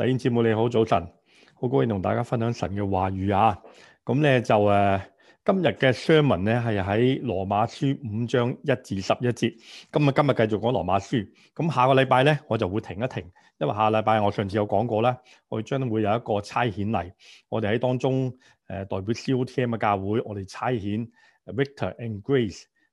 弟兄姊妹你好，早晨，好高興同大家分享神嘅話語啊！咁咧就誒、呃，今日嘅 sermon 咧係喺羅馬書五章一至十一節，咁啊今日繼續講羅馬書，咁下個禮拜咧我就會停一停，因為下禮拜我上次有講過啦，我將會有一個差遣禮，我哋喺當中誒、呃、代表 COTM 嘅教會，我哋差遣 Victor and Grace。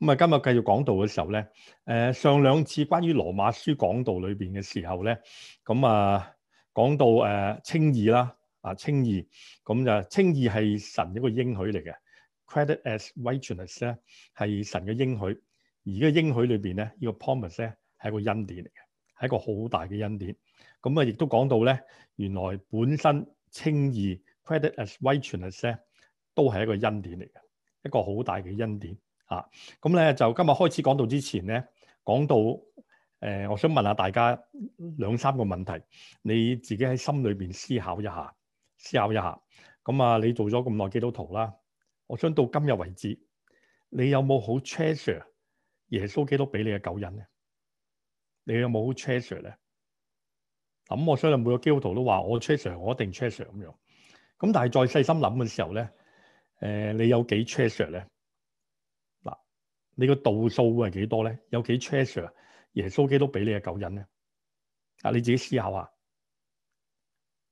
咁啊，今日繼續講道嘅時候咧，誒上兩次關於羅馬書講道裏邊嘅時候咧，咁啊講到誒稱義啦，啊稱義，咁就稱義係神一個應許嚟嘅，credit as righteousness 咧係神嘅應許。而個應許裏邊咧，呢個 promise 咧係一個恩典嚟嘅，係一個好大嘅恩典。咁啊，亦都講到咧，原來本身稱義，credit as righteousness 咧都係一個恩典嚟嘅，一個好大嘅恩典。啊，咁咧就今日開始講到之前咧，講到誒、呃，我想問下大家兩三個問題，你自己喺心裏邊思考一下，思考一下。咁啊，你做咗咁耐基督徒啦，我想到今日為止，你有冇好 treasure 耶穌基督俾你嘅救恩咧？你有冇好 treasure 咧？咁我相信每個基督徒都話我 treasure，我一定 treasure 咁樣。咁但係再細心諗嘅時候咧，誒、呃，你有幾 treasure 咧？你個度數會係幾多咧？有幾 treasure？耶穌基督俾你嘅救恩咧？啊，你自己思考下。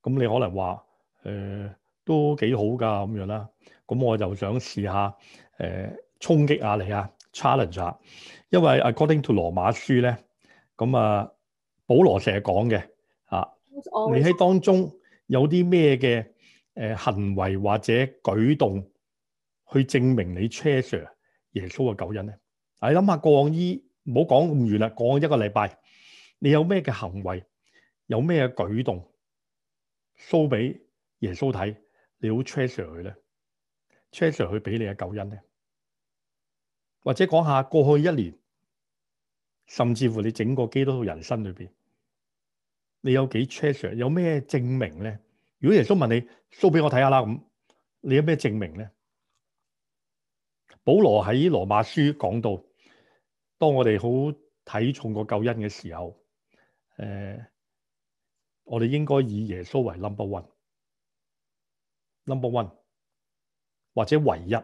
咁你可能話誒、呃、都幾好㗎咁樣啦。咁我就想試下誒衝擊下你啊，challenge 啊。因為 according to 羅馬書咧，咁啊，保羅成日講嘅嚇，你喺當中有啲咩嘅誒行為或者舉動去證明你 treasure？耶穌嘅救恩咧，你諗下過往依，唔好講咁遠啦，講一個禮拜，你有咩嘅行為，有咩舉動，show 俾耶穌睇，你好 treasure 佢咧 treasure 佢俾你嘅救恩咧，或者講下過去一年，甚至乎你整個基督徒人生裏邊，你有幾 treasure 有咩證明咧？如果耶穌問你，show 俾我睇下啦，咁你有咩證明咧？保羅喺羅馬書講到，當我哋好睇重個救恩嘅時候，誒、呃，我哋應該以耶穌為 number one，number one 或者唯一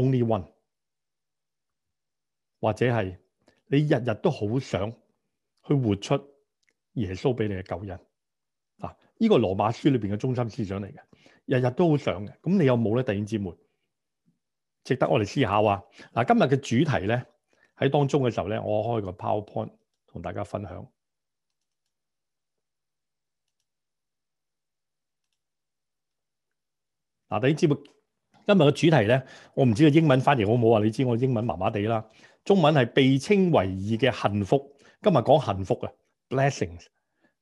，only one，或者係你日日都好想去活出耶穌俾你嘅救恩。嗱、啊，呢、這個羅馬書裏邊嘅中心思想嚟嘅，日日都好想嘅。咁你有冇咧，弟兄姊妹？值得我哋思考啊！嗱，今日嘅主題咧喺當中嘅時候咧，我開個 PowerPoint 同大家分享。嗱、啊，大家知道今日嘅主題咧，我唔知個英文翻譯好唔好啊？你知我英文麻麻地啦，中文係被稱為義嘅幸福。今日講幸福啊 Blessings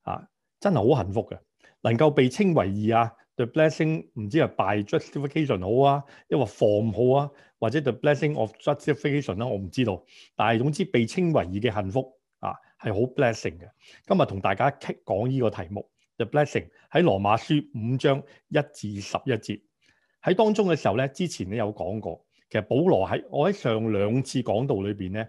啊，真係好幸福嘅，能夠被稱為義啊！The blessing 唔知係 by justification 好啊，抑或放好啊，或者 the blessing of justification 啦，我唔知道。但係總之被稱為義嘅幸福啊，係好 blessing 嘅。今日同大家傾講呢個題目，the blessing 喺羅馬書五章一至十一節喺當中嘅時候咧，之前咧有講過。其實保羅喺我喺上兩次講道裏面咧，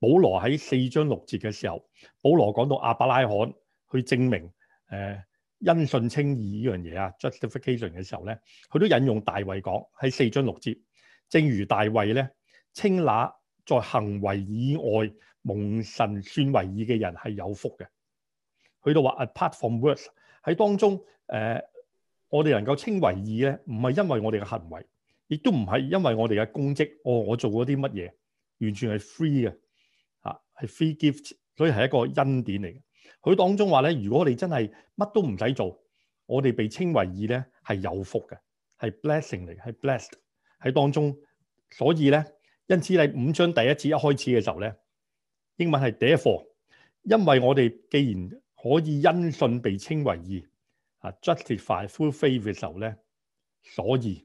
保羅喺四章六節嘅時候，保羅講到亞伯拉罕去證明、呃因信稱義呢樣嘢啊，justification 嘅時候咧，佢都引用大衛講喺四章六節，正如大衛咧稱那在行為以外蒙神算為義嘅人係有福嘅。佢都話 apart from words 喺當中，誒、呃、我哋能夠稱為義咧，唔係因為我哋嘅行為，亦都唔係因為我哋嘅功績，哦我做咗啲乜嘢，完全係 free 嘅，嚇係 free gift，所以係一個恩典嚟嘅。佢當中話咧，如果我哋真係乜都唔使做，我哋被稱為義咧係有福嘅，係 blessing 嚟，嘅，係 blessed 喺當中。所以咧，因此你五章第一節一開始嘅時候咧，英文係 therefore，因為我哋既然可以因信被稱為義，啊 justified through faith 嘅時候咧，所以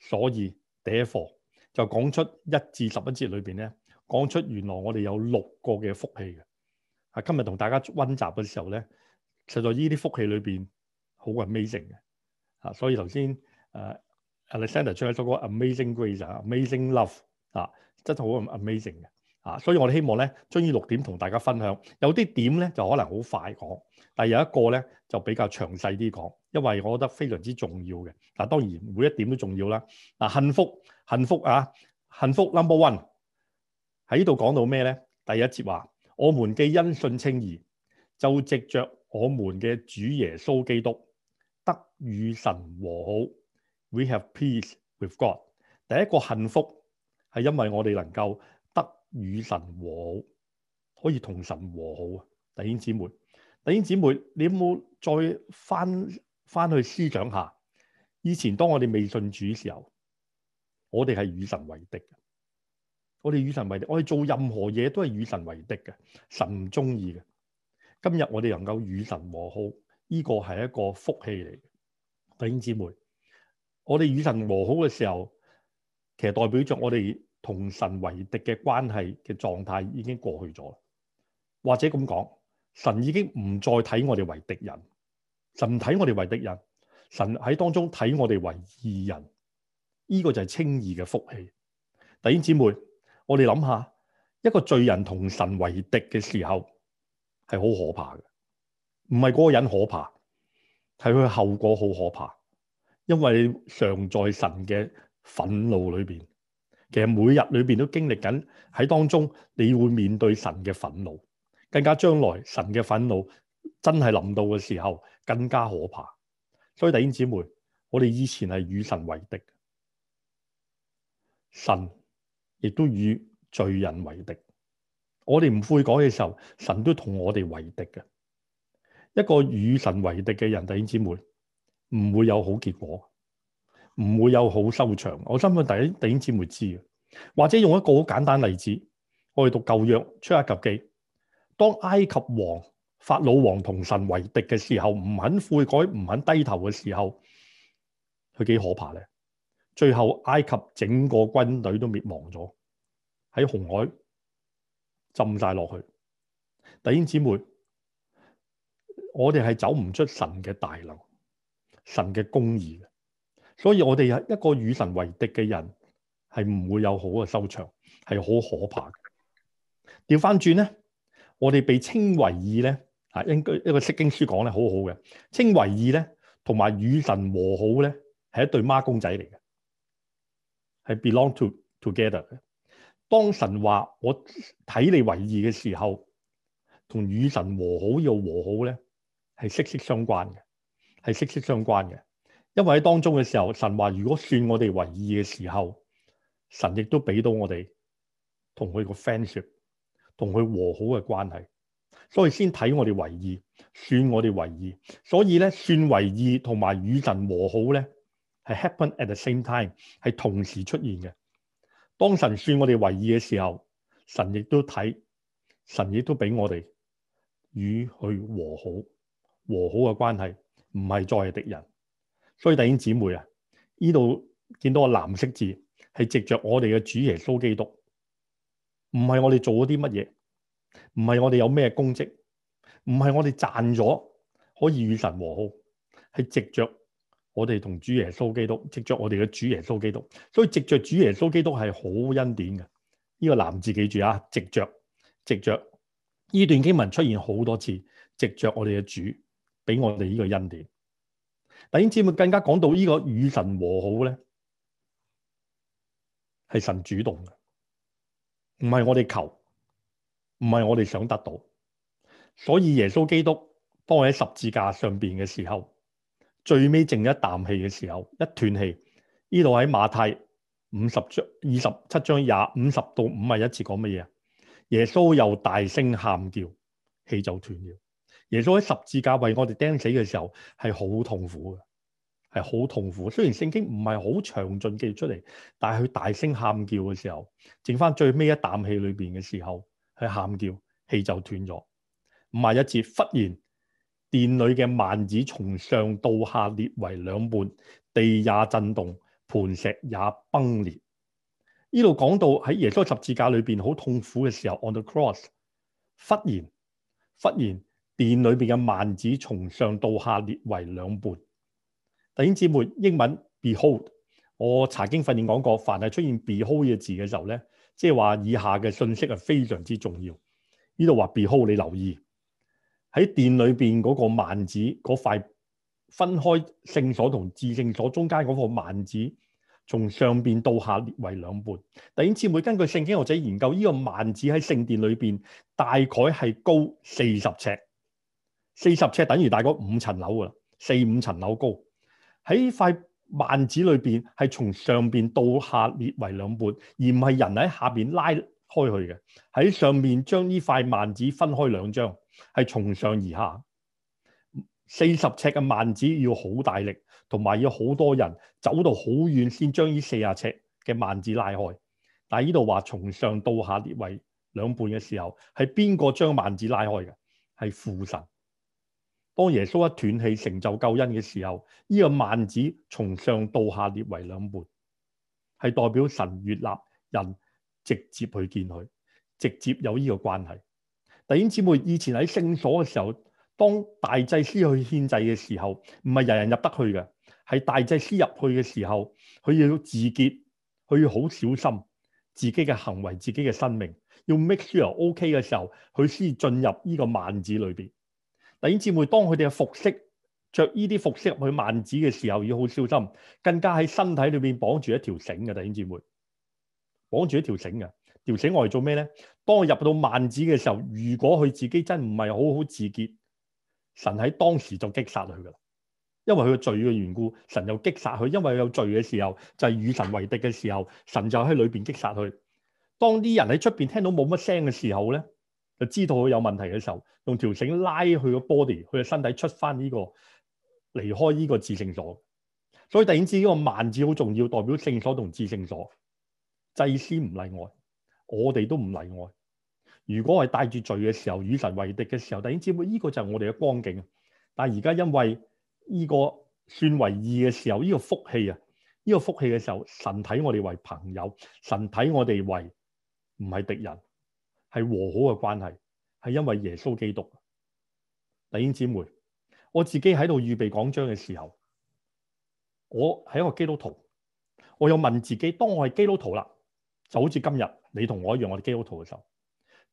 所以 therefore 就講出一至十一節裏邊咧，講出原來我哋有六個嘅福氣嘅。啊！今日同大家温習嘅時候咧，實在依啲福氣裏邊好 amazing 嘅嚇，所以頭先誒、啊、Alexander 唱咗個 amazing grace amazing love 嚇，啊，真係好 amazing 嘅嚇，所以我哋希望咧將依六點同大家分享，有啲點咧就可能好快講，但係有一個咧就比較詳細啲講，因為我覺得非常之重要嘅。嗱、啊，當然每一點都重要啦。嗱、啊，幸福，幸福啊，幸福 number one 喺呢度講到咩咧？第一節話。我們既因信稱義，就藉着我們嘅主耶穌基督得與神和好。We have peace with God。第一個幸福係因為我哋能夠得與神和好，可以同神和好啊！弟兄姊妹，弟兄姊妹，你有冇再翻翻去思想下？以前當我哋未信主嘅時候，我哋係與神為敵我哋與神為敵，我哋做任何嘢都係與神為敵嘅，神唔中意嘅。今日我哋能夠與神和好，呢個係一個福氣嚟嘅。弟兄姊妹，我哋與神和好嘅時候，其實代表着我哋同神為敵嘅關係嘅狀態已經過去咗。或者咁講，神已經唔再睇我哋為敵人，神睇我哋為敵人，神喺當中睇我哋為義人。呢個就係清易嘅福氣。弟兄姊妹。我哋諗下，一個罪人同神為敵嘅時候，係好可怕嘅，唔係嗰個人可怕，係佢後果好可怕。因為常在神嘅憤怒裏邊，其實每日裏邊都經歷緊喺當中，你會面對神嘅憤怒，更加將來神嘅憤怒真係臨到嘅時候更加可怕。所以弟兄姊妹，我哋以前係與神為敵，神。亦都與罪人為敵，我哋唔悔改嘅時候，神都同我哋為敵嘅。一個與神為敵嘅人，弟兄姊妹，唔會有好結果，唔會有好收場。我相信第啲弟兄姊妹知嘅，或者用一個好簡單例子，我哋讀舊約出埃及記，當埃及王法老王同神為敵嘅時候，唔肯悔改，唔肯低頭嘅時候，佢幾可怕咧？最後埃及整個軍隊都滅亡咗，喺紅海浸晒落去。弟兄姊妹，我哋係走唔出神嘅大能、神嘅公義嘅，所以我哋一個與神為敵嘅人係唔會有好嘅收場，係好可怕嘅。調翻轉咧，我哋被稱為義咧吓，應該一個釋經書講咧，好好嘅稱為義咧，同埋與神和好咧係一對孖公仔嚟嘅。係 belong to together 嘅。當神話我睇你為義嘅時候，同與神和好又和好咧，係息息相關嘅，係息息相關嘅。因為喺當中嘅時候，神話如果算我哋為義嘅時候，神亦都俾到我哋同佢個 friendship，同佢和好嘅關係。所以先睇我哋為義，算我哋為義。所以咧，算為義同埋與神和好咧。係 happen at the same time，係同時出現嘅。當神算我哋為義嘅時候，神亦都睇，神亦都俾我哋與佢和好，和好嘅關係唔係再係敵人。所以弟兄姊妹啊，呢度見到個藍色字係藉著我哋嘅主耶穌基督，唔係我哋做咗啲乜嘢，唔係我哋有咩功績，唔係我哋賺咗可以與神和好，係藉著。我哋同主耶穌基督，藉着我哋嘅主耶穌基督，所以藉着主耶穌基督係好恩典嘅。呢、這個男字記住啊，藉着藉着，呢段經文出現好多次，藉着我哋嘅主俾我哋呢個恩典。弟兄姊妹更加講到呢個與神和好咧，係神主動嘅，唔係我哋求，唔係我哋想得到。所以耶穌基督當喺十字架上邊嘅時候。最尾剩一啖氣嘅時候，一斷氣。呢度喺馬太五十章二十七章廿五十到五廿一節講乜嘢啊？耶穌又大聲喊叫，氣就斷了。耶穌喺十字架為我哋釘死嘅時候係好痛苦嘅，係好痛苦。雖然聖經唔係好詳盡記出嚟，但係佢大聲喊叫嘅時候，剩翻最尾一啖氣裏邊嘅時候，佢喊叫，氣就斷咗。五廿一節忽然。殿裏嘅幔子從上到下裂為兩半，地也震動，磐石也崩裂。呢度講到喺耶穌十字架裏邊好痛苦嘅時候，on the cross，忽然忽然殿裏邊嘅幔子從上到下裂為兩半。弟兄姊妹，英文 behold，我曾經訓練講過，凡係出現 behold 嘅字嘅時候咧，即係話以下嘅信息係非常之重要。呢度話 behold，你留意。喺殿裏面嗰個幔子嗰塊分開聖所同至聖所中間嗰個幔子，從上面到下裂為兩半。弟兄姊妹，根據聖經學者研究，呢、呢個幔子喺聖殿裏面大概係高四十尺，四十尺等於大概五層樓噶啦，四五層樓高。喺塊幔子裏面係從上面到下裂為兩半，而唔係人喺下面拉開去嘅。喺上面將呢塊幔子分開兩張。係從上而下，四十尺嘅幔子要好大力，同埋要好多人走到好遠，先將呢四十尺嘅幔子拉開。但係呢度話從上到下裂為兩半嘅時候，係邊個將幔子拉開嘅？係父神。當耶穌一斷氣成就救恩嘅時候，呢、這個幔子從上到下裂為兩半，係代表神越立人直接去見佢，直接有呢個關係。弟兄姊妹，以前喺聖所嘅時候，當大祭司去獻祭嘅時候，唔係人人入得去嘅，係大祭司入去嘅時候，佢要自潔，佢要好小心自己嘅行為、自己嘅生命，要 make sure OK 嘅時候，佢先進入呢個幔子裏邊。弟兄姊妹，當，當佢哋嘅服飾着呢啲服飾去幔子嘅時候，要好小心，更加喺身體裏邊綁住一條繩嘅，弟兄姊妹，綁住一條繩嘅。條繩我嚟做咩咧？當我入到幔子嘅時候，如果佢自己真唔係好好自潔，神喺當時就擊殺佢噶啦。因為佢嘅罪嘅緣故，神又擊殺佢。因為佢有罪嘅時候，就係、是、與神為敵嘅時候，神就喺裏邊擊殺佢。當啲人喺出邊聽到冇乜聲嘅時候咧，就知道佢有問題嘅時候，用條繩拉佢個 body，佢嘅身體出翻呢、這個離開呢個至聖所。所以第二知呢個幔子好重要，代表聖所同至聖所，祭司唔例外。我哋都唔例外。如果係帶住罪嘅時候，與神為敵嘅時候，弟兄姊妹，呢個就係我哋嘅光景。但係而家因為呢個算為義嘅時候，呢個福氣啊，呢個福氣嘅時候，神睇我哋為朋友，神睇我哋為唔係敵人，係和好嘅關係，係因為耶穌基督。弟兄姊妹，我自己喺度預備講章嘅時候，我係一個基督徒，我又問自己，當我係基督徒啦，就好似今日。你同我一樣，我哋基督徒嘅時候，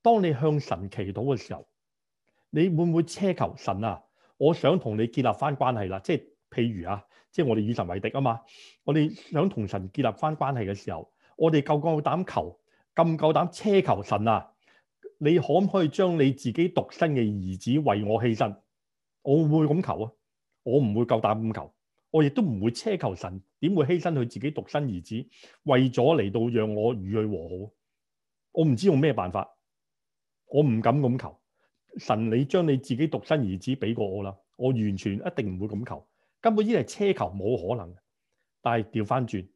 當你向神祈禱嘅時候，你會唔會奢求神啊？我想同你建立翻關係啦，即係譬如啊，即係我哋與神為敵啊嘛，我哋想同神建立翻關係嘅時候，我哋夠夠膽求？夠唔夠膽奢求神啊？你可唔可以將你自己獨生嘅兒子為我犧牲？我會唔會咁求啊？我唔會夠膽咁求，我亦都唔會奢求神點會犧牲佢自己獨生兒子，為咗嚟到讓我與佢和好？我唔知用咩辦法，我唔敢咁求神。你將你自己獨生兒子俾過我啦，我完全一定唔會咁求，根本依係奢求，冇可能。但係調翻轉，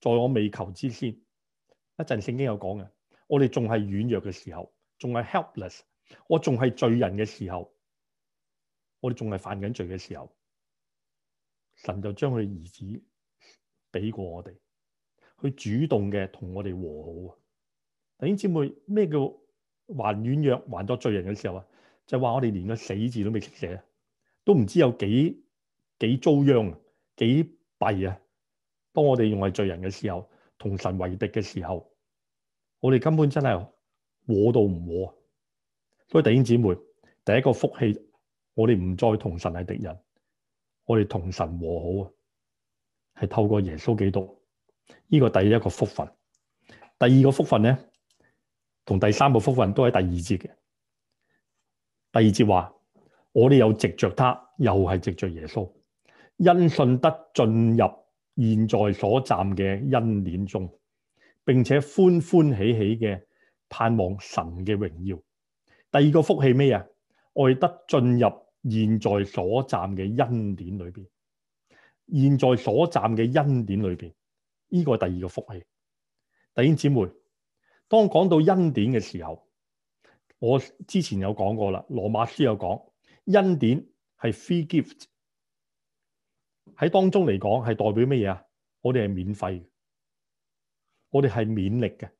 在我未求之先，一陣聖經有講嘅，我哋仲係軟弱嘅時候，仲係 helpless，我仲係罪人嘅時候，我哋仲係犯緊罪嘅時候，神就將佢兒子俾過我哋，佢主動嘅同我哋和好。弟兄姐妹，咩叫還軟弱、還作罪人嘅時候啊？就話、是、我哋連個死字都未識寫，都唔知有幾幾遭殃啊，幾弊啊！當我哋用為罪人嘅時候，同神為敵嘅時候，我哋根本真係和到唔和。所以弟兄姊妹，第一個福氣，我哋唔再同神係敵人，我哋同神和好啊，係透過耶穌基督，呢、這個第一個福分。第二個福分咧。同第三個福分都喺第二節嘅，第二節話我哋有藉著他，又係藉著耶穌，因信得進入現在所站嘅恩典中，並且歡歡喜喜嘅盼望神嘅榮耀。第二個福氣咩啊？愛得進入現在所站嘅恩典裏邊，現在所站嘅恩典裏邊，呢個係第二個福氣。弟兄姊妹。當講到恩典嘅時候，我之前有講過啦，羅馬書有講，恩典係 free gift，喺當中嚟講係代表乜嘢啊？我哋係免費嘅，我哋係免力嘅，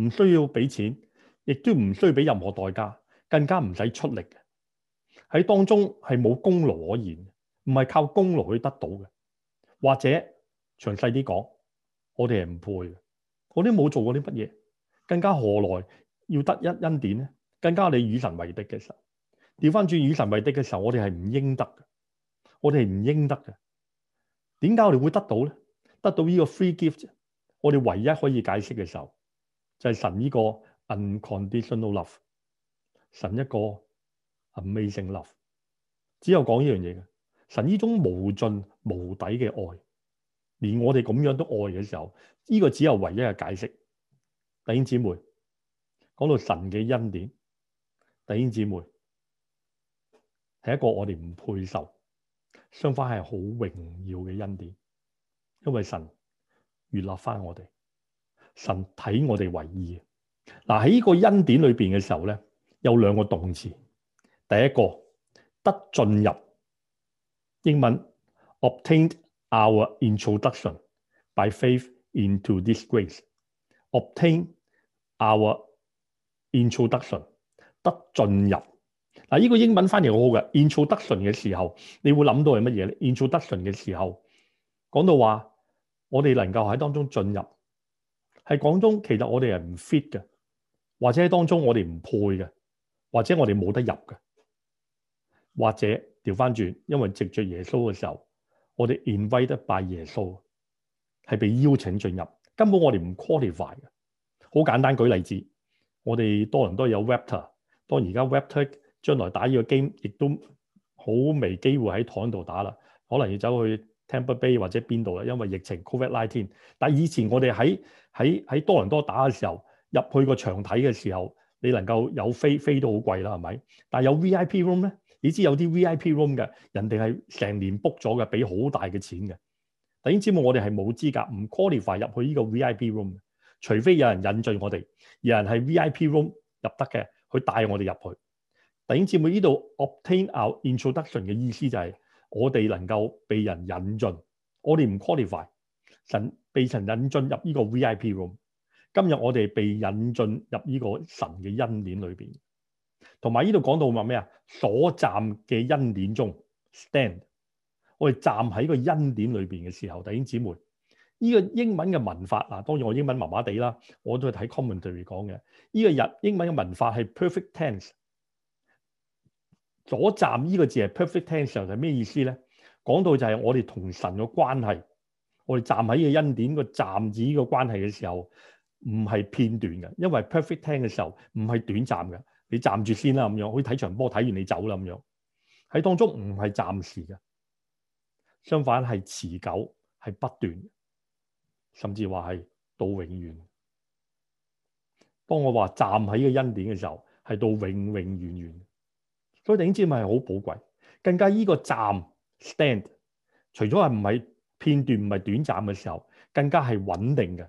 唔需要俾錢，亦都唔需要俾任何代價，更加唔使出力嘅，喺當中係冇功勞可言，唔係靠功勞去得到嘅，或者詳細啲講，我哋係唔配嘅，我哋冇做過啲乜嘢。更加何來要得一恩典呢？更加你與神為敵嘅時候，調翻轉與神為敵嘅時候，我哋係唔應得嘅，我哋係唔應得嘅。點解我哋會得到呢？得到呢個 free gift，我哋唯一可以解釋嘅時候，就係、是、神呢個 unconditional love，神一個 amazing love，只有講呢樣嘢嘅。神呢種無盡無底嘅愛，連我哋咁樣都愛嘅時候，呢、這個只有唯一嘅解釋。弟兄姊妹，講到神嘅恩典，弟兄姊妹係一個我哋唔配受，相反係好榮耀嘅恩典，因為神悅納翻我哋，神睇我哋為義。嗱，喺呢個恩典裏面嘅時候呢，有兩個動詞。第一個得進入，英文 obtain our introduction by faith into this grace, obtain。Our introduction 得進入嗱，呢、這個英文翻譯好好嘅 introduction 嘅時候，你會諗到係乜嘢咧？Introduction 嘅時候，講到話我哋能夠喺當中進入，喺廣中其實我哋係唔 fit 嘅，或者喺當中我哋唔配嘅，或者我哋冇得入嘅，或者調翻轉，因為藉着耶穌嘅時候，我哋 invited by 耶穌係被邀請進入，根本我哋唔 qualify 嘅。好簡單，舉例子，我哋多倫多有 Raptors，當然而家 Raptors 將來打呢個 game 亦都好未機會喺台度打啦，可能要走去 Tampa Bay 或者邊度啦，因為疫情 Covid nineteen。但以前我哋喺喺喺多倫多打嘅時候，入去個場睇嘅時候，你能夠有飛飛都好貴啦，係咪？但有 VIP room 咧，你知有啲 VIP room 嘅人哋係成年 book 咗嘅，俾好大嘅錢嘅。點知我哋係冇資格唔 qualify 入去呢個 VIP room。除非有人引進我哋，有人係 V.I.P. room 入得嘅，佢帶我哋入去。弟兄姊妹，呢度 obtain our introduction 嘅意思就係、是、我哋能夠被人引進，我哋唔 qualify 神被神引進入呢個 V.I.P. room。今日我哋被引進入呢個神嘅恩典裏邊，同埋呢度講到話咩啊？所站嘅恩典中 stand，我哋站喺個恩典裏邊嘅時候，弟兄姊妹。呢、這個英文嘅文法啊，當然我英文麻麻地啦，我都係睇 comment 嚟講嘅。呢、這個日英文嘅文法係 perfect tense。左站呢個字係 perfect tense 時候，係咩意思咧？講到就係我哋同神嘅關係，我哋站喺呢個恩典個站子呢個關係嘅時候，唔係片段嘅，因為 perfect tense 嘅時候唔係短暫嘅，你站住先啦咁樣，好似睇場波睇完你走啦咁樣，喺當中唔係暫時嘅，相反係持久係，不斷。甚至話係到永遠。當我話站喺呢個恩典嘅時候，係到永永遠遠。所以點知咪係好寶貴？更加呢個站 （stand） 除咗係唔係片段唔係短暫嘅時候，更加係穩定嘅，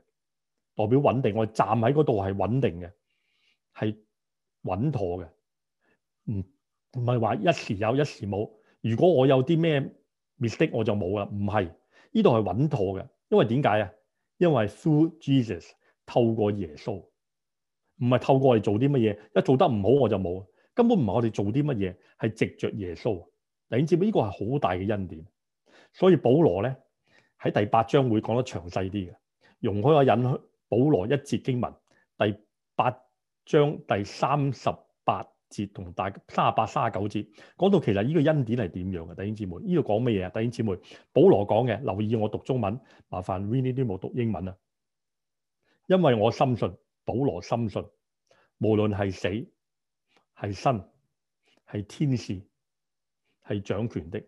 代表穩定。我站喺嗰度係穩定嘅，係穩妥嘅。唔唔係話一時有一時冇。如果我有啲咩 mistake，我就冇啦。唔係，呢度係穩妥嘅，因為點解啊？因為 through Jesus 透過耶穌，唔係透過我哋做啲乜嘢，一做得唔好我就冇，根本唔係我哋做啲乜嘢，係藉着耶穌。你知唔知呢個係好大嘅恩典？所以保羅咧喺第八章會講得詳細啲嘅，容許我引保羅一節經文，第八章第三十八。節同大三十八、三十九節講到其實呢個恩典係點樣嘅？弟兄姊妹，呢度講乜嘢啊？弟兄姊妹，保羅講嘅，留意我讀中文，麻煩 Winnie 啲冇讀英文啊！因為我深信，保羅深信，無論係死係生，係天使係掌權的，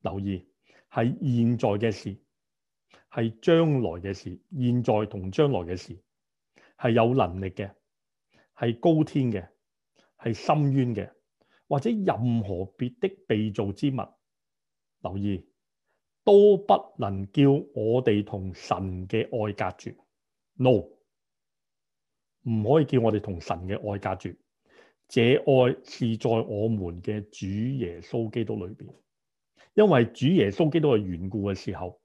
留意係現在嘅事，係將來嘅事，現在同將來嘅事係有能力嘅，係高天嘅。係深淵嘅，或者任何別的被造之物，留意都不能叫我哋同神嘅愛隔絕。No，唔可以叫我哋同神嘅愛隔絕。這愛是在我們嘅主耶穌基督裏面，因為主耶穌基督係緣故嘅時候，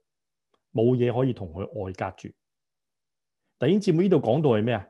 冇嘢可以同佢愛隔絕。弟兄姐妹，呢度講到係咩啊？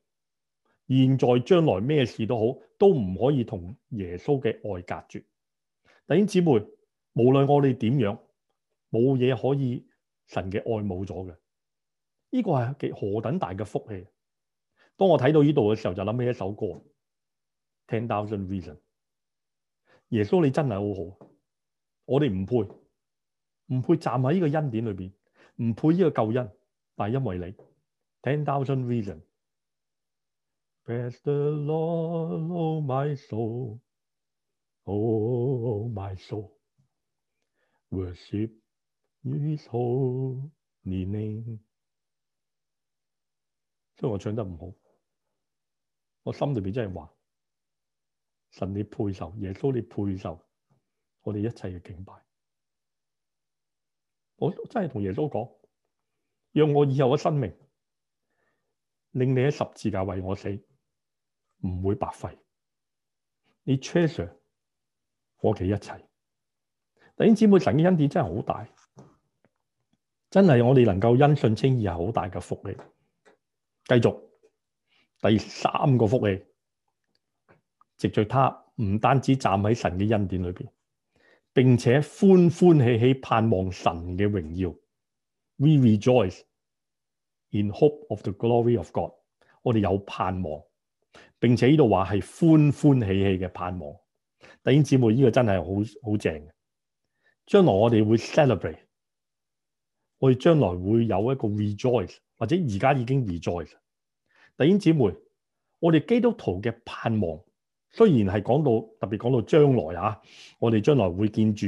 現在將來咩事都好，都唔可以同耶穌嘅愛隔絕。弟兄姊妹，無論我哋點樣，冇嘢可以神嘅愛冇咗嘅。呢個係何等大嘅福氣？當我睇到呢度嘅時候，就諗起一首歌。Ten thousand reasons，耶穌你真係好好，我哋唔配，唔配站喺呢個恩典裏邊，唔配呢個救恩，但係因為你，ten thousand reasons。Bless the Lord, O my soul, O my soul, worship His holy name 雖然我唱得唔好，我心裏面真係話：神，你配受；耶穌，你配受我哋一切嘅敬拜，我真係同耶穌講：讓我以後嘅生命，令你喺十字架為我死。唔會白費，你 treasure 我哋一切。弟兄姊妹，神嘅恩典真係好大，真係我哋能夠因信稱義係好大嘅福氣。繼續第三個福氣，藉著他唔單止站喺神嘅恩典裏邊，並且歡歡喜喜盼望神嘅榮耀。We rejoice in hope of the glory of God。我哋有盼望。並且呢度話係歡歡喜喜嘅盼望，弟兄姊妹，呢個真係好好正嘅。將來我哋會 celebrate，我哋將來會有一個 rejoice，或者而家已經 rejoice。弟兄姊妹，我哋基督徒嘅盼望雖然係講到特別講到將來啊，我哋將來會見主，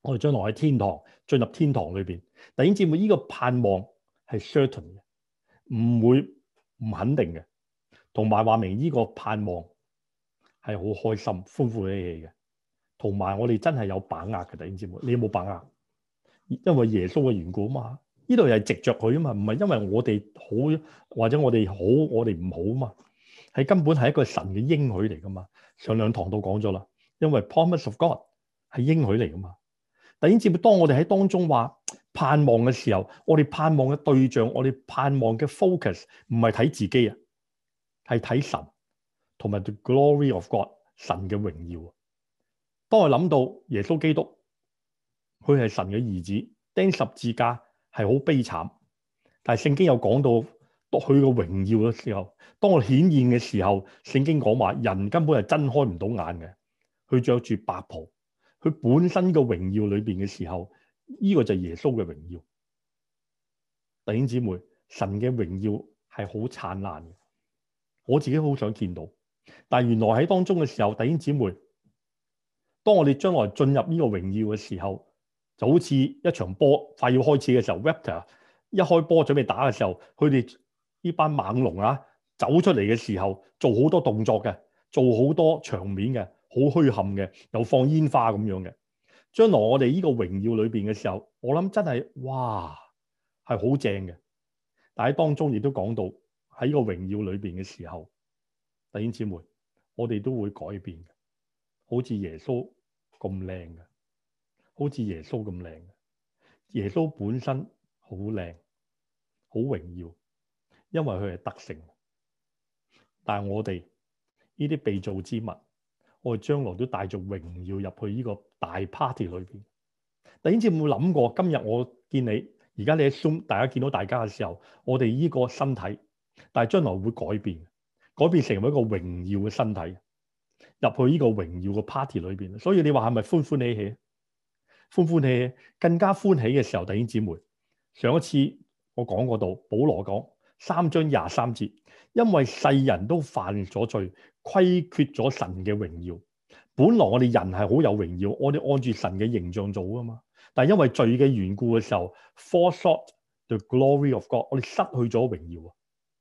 我哋將來喺天堂進入天堂裏面。弟兄姊妹，呢個盼望係 certain 嘅，唔會唔肯定嘅。同埋話明呢個盼望係好開心歡歡喜喜嘅，同埋我哋真係有把握嘅。弟兄姊妹，你有冇把握？因為耶穌嘅緣故啊嘛，呢度又係藉着佢啊嘛，唔係因為我哋好或者我哋好我哋唔好啊嘛，係根本係一個神嘅應許嚟噶嘛。上兩堂都講咗啦，因為 Promise of God 係應許嚟噶嘛。弟兄姊妹，當我哋喺當中話盼望嘅時候，我哋盼望嘅對象，我哋盼望嘅 focus 唔係睇自己啊。係睇神同埋 the glory of God 神嘅榮耀。當我諗到耶穌基督，佢係神嘅兒子，釘十字架係好悲慘，但係聖經又講到佢嘅榮耀嘅時候，當我顯現嘅時候，聖經講話人根本係睜開唔到眼嘅。佢着住白袍，佢本身嘅榮耀裏邊嘅時候，呢個就係耶穌嘅榮耀。弟兄姊妹，神嘅榮耀係好燦爛嘅。我自己好想見到，但係原來喺當中嘅時候，弟兄姊妹，當我哋將來進入呢個榮耀嘅時候，就好似一場波快要開始嘅時候，Raptors 一開波準備打嘅時候，佢哋呢班猛龍啊走出嚟嘅時候，做好多動作嘅，做好多場面嘅，好虛冚嘅，又放煙花咁樣嘅。將來我哋呢個榮耀裏邊嘅時候，我諗真係哇，係好正嘅，但係當中亦都講到。喺個榮耀裏邊嘅時候，弟兄姊妹，我哋都會改變嘅，好似耶穌咁靚嘅，好似耶穌咁靚嘅。耶穌本身好靚，好榮耀，因為佢係特性。但係我哋呢啲被造之物，我哋將來都帶著榮耀入去呢個大 party 裏邊。弟兄姊妹有冇諗過？今日我見你而家你喺 Zoom 大家見到大家嘅時候，我哋呢個身體。但係將來會改變，改變成為一個榮耀嘅身體入去呢個榮耀嘅 party 裏邊。所以你話係咪歡歡喜喜？歡歡喜喜更加歡喜嘅時候，弟兄姊妹，上一次我講過到保羅講三章廿三節，因為世人都犯咗罪，虧缺咗神嘅榮耀。本來我哋人係好有榮耀，我哋按住神嘅形象做啊嘛。但係因為罪嘅緣故嘅時候，fall short of the glory of God，我哋失去咗榮耀啊。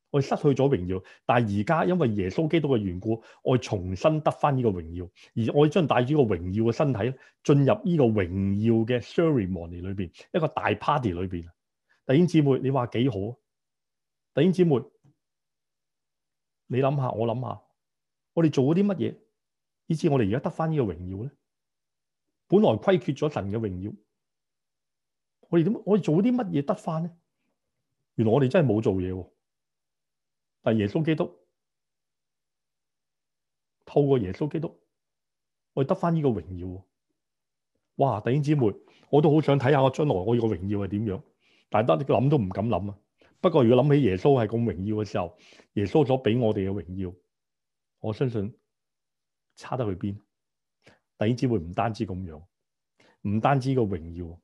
我失去咗榮耀，但係而家因為耶穌基督嘅緣故，我重新得翻呢個榮耀，而我將帶住個榮耀嘅身體進入呢個榮耀嘅 ceremony 裏邊，一個大 party 裏邊。弟兄姊妹，你話幾好啊？弟兄姊妹，你諗下，我諗下，我哋做咗啲乜嘢以至我哋而家得翻呢個榮耀咧？本來虧缺咗神嘅榮耀，我哋點？我哋做啲乜嘢得翻咧？原來我哋真係冇做嘢。但耶穌基督，透過耶穌基督，我得翻呢個榮耀。哇！弟兄姊妹，我都好想睇下我將來我個榮耀係點樣，但係得諗都唔敢諗啊。不過如果諗起耶穌係咁榮耀嘅時候，耶穌所俾我哋嘅榮耀，我相信差得去邊？弟兄姊妹，唔單止咁樣，唔單止個榮耀，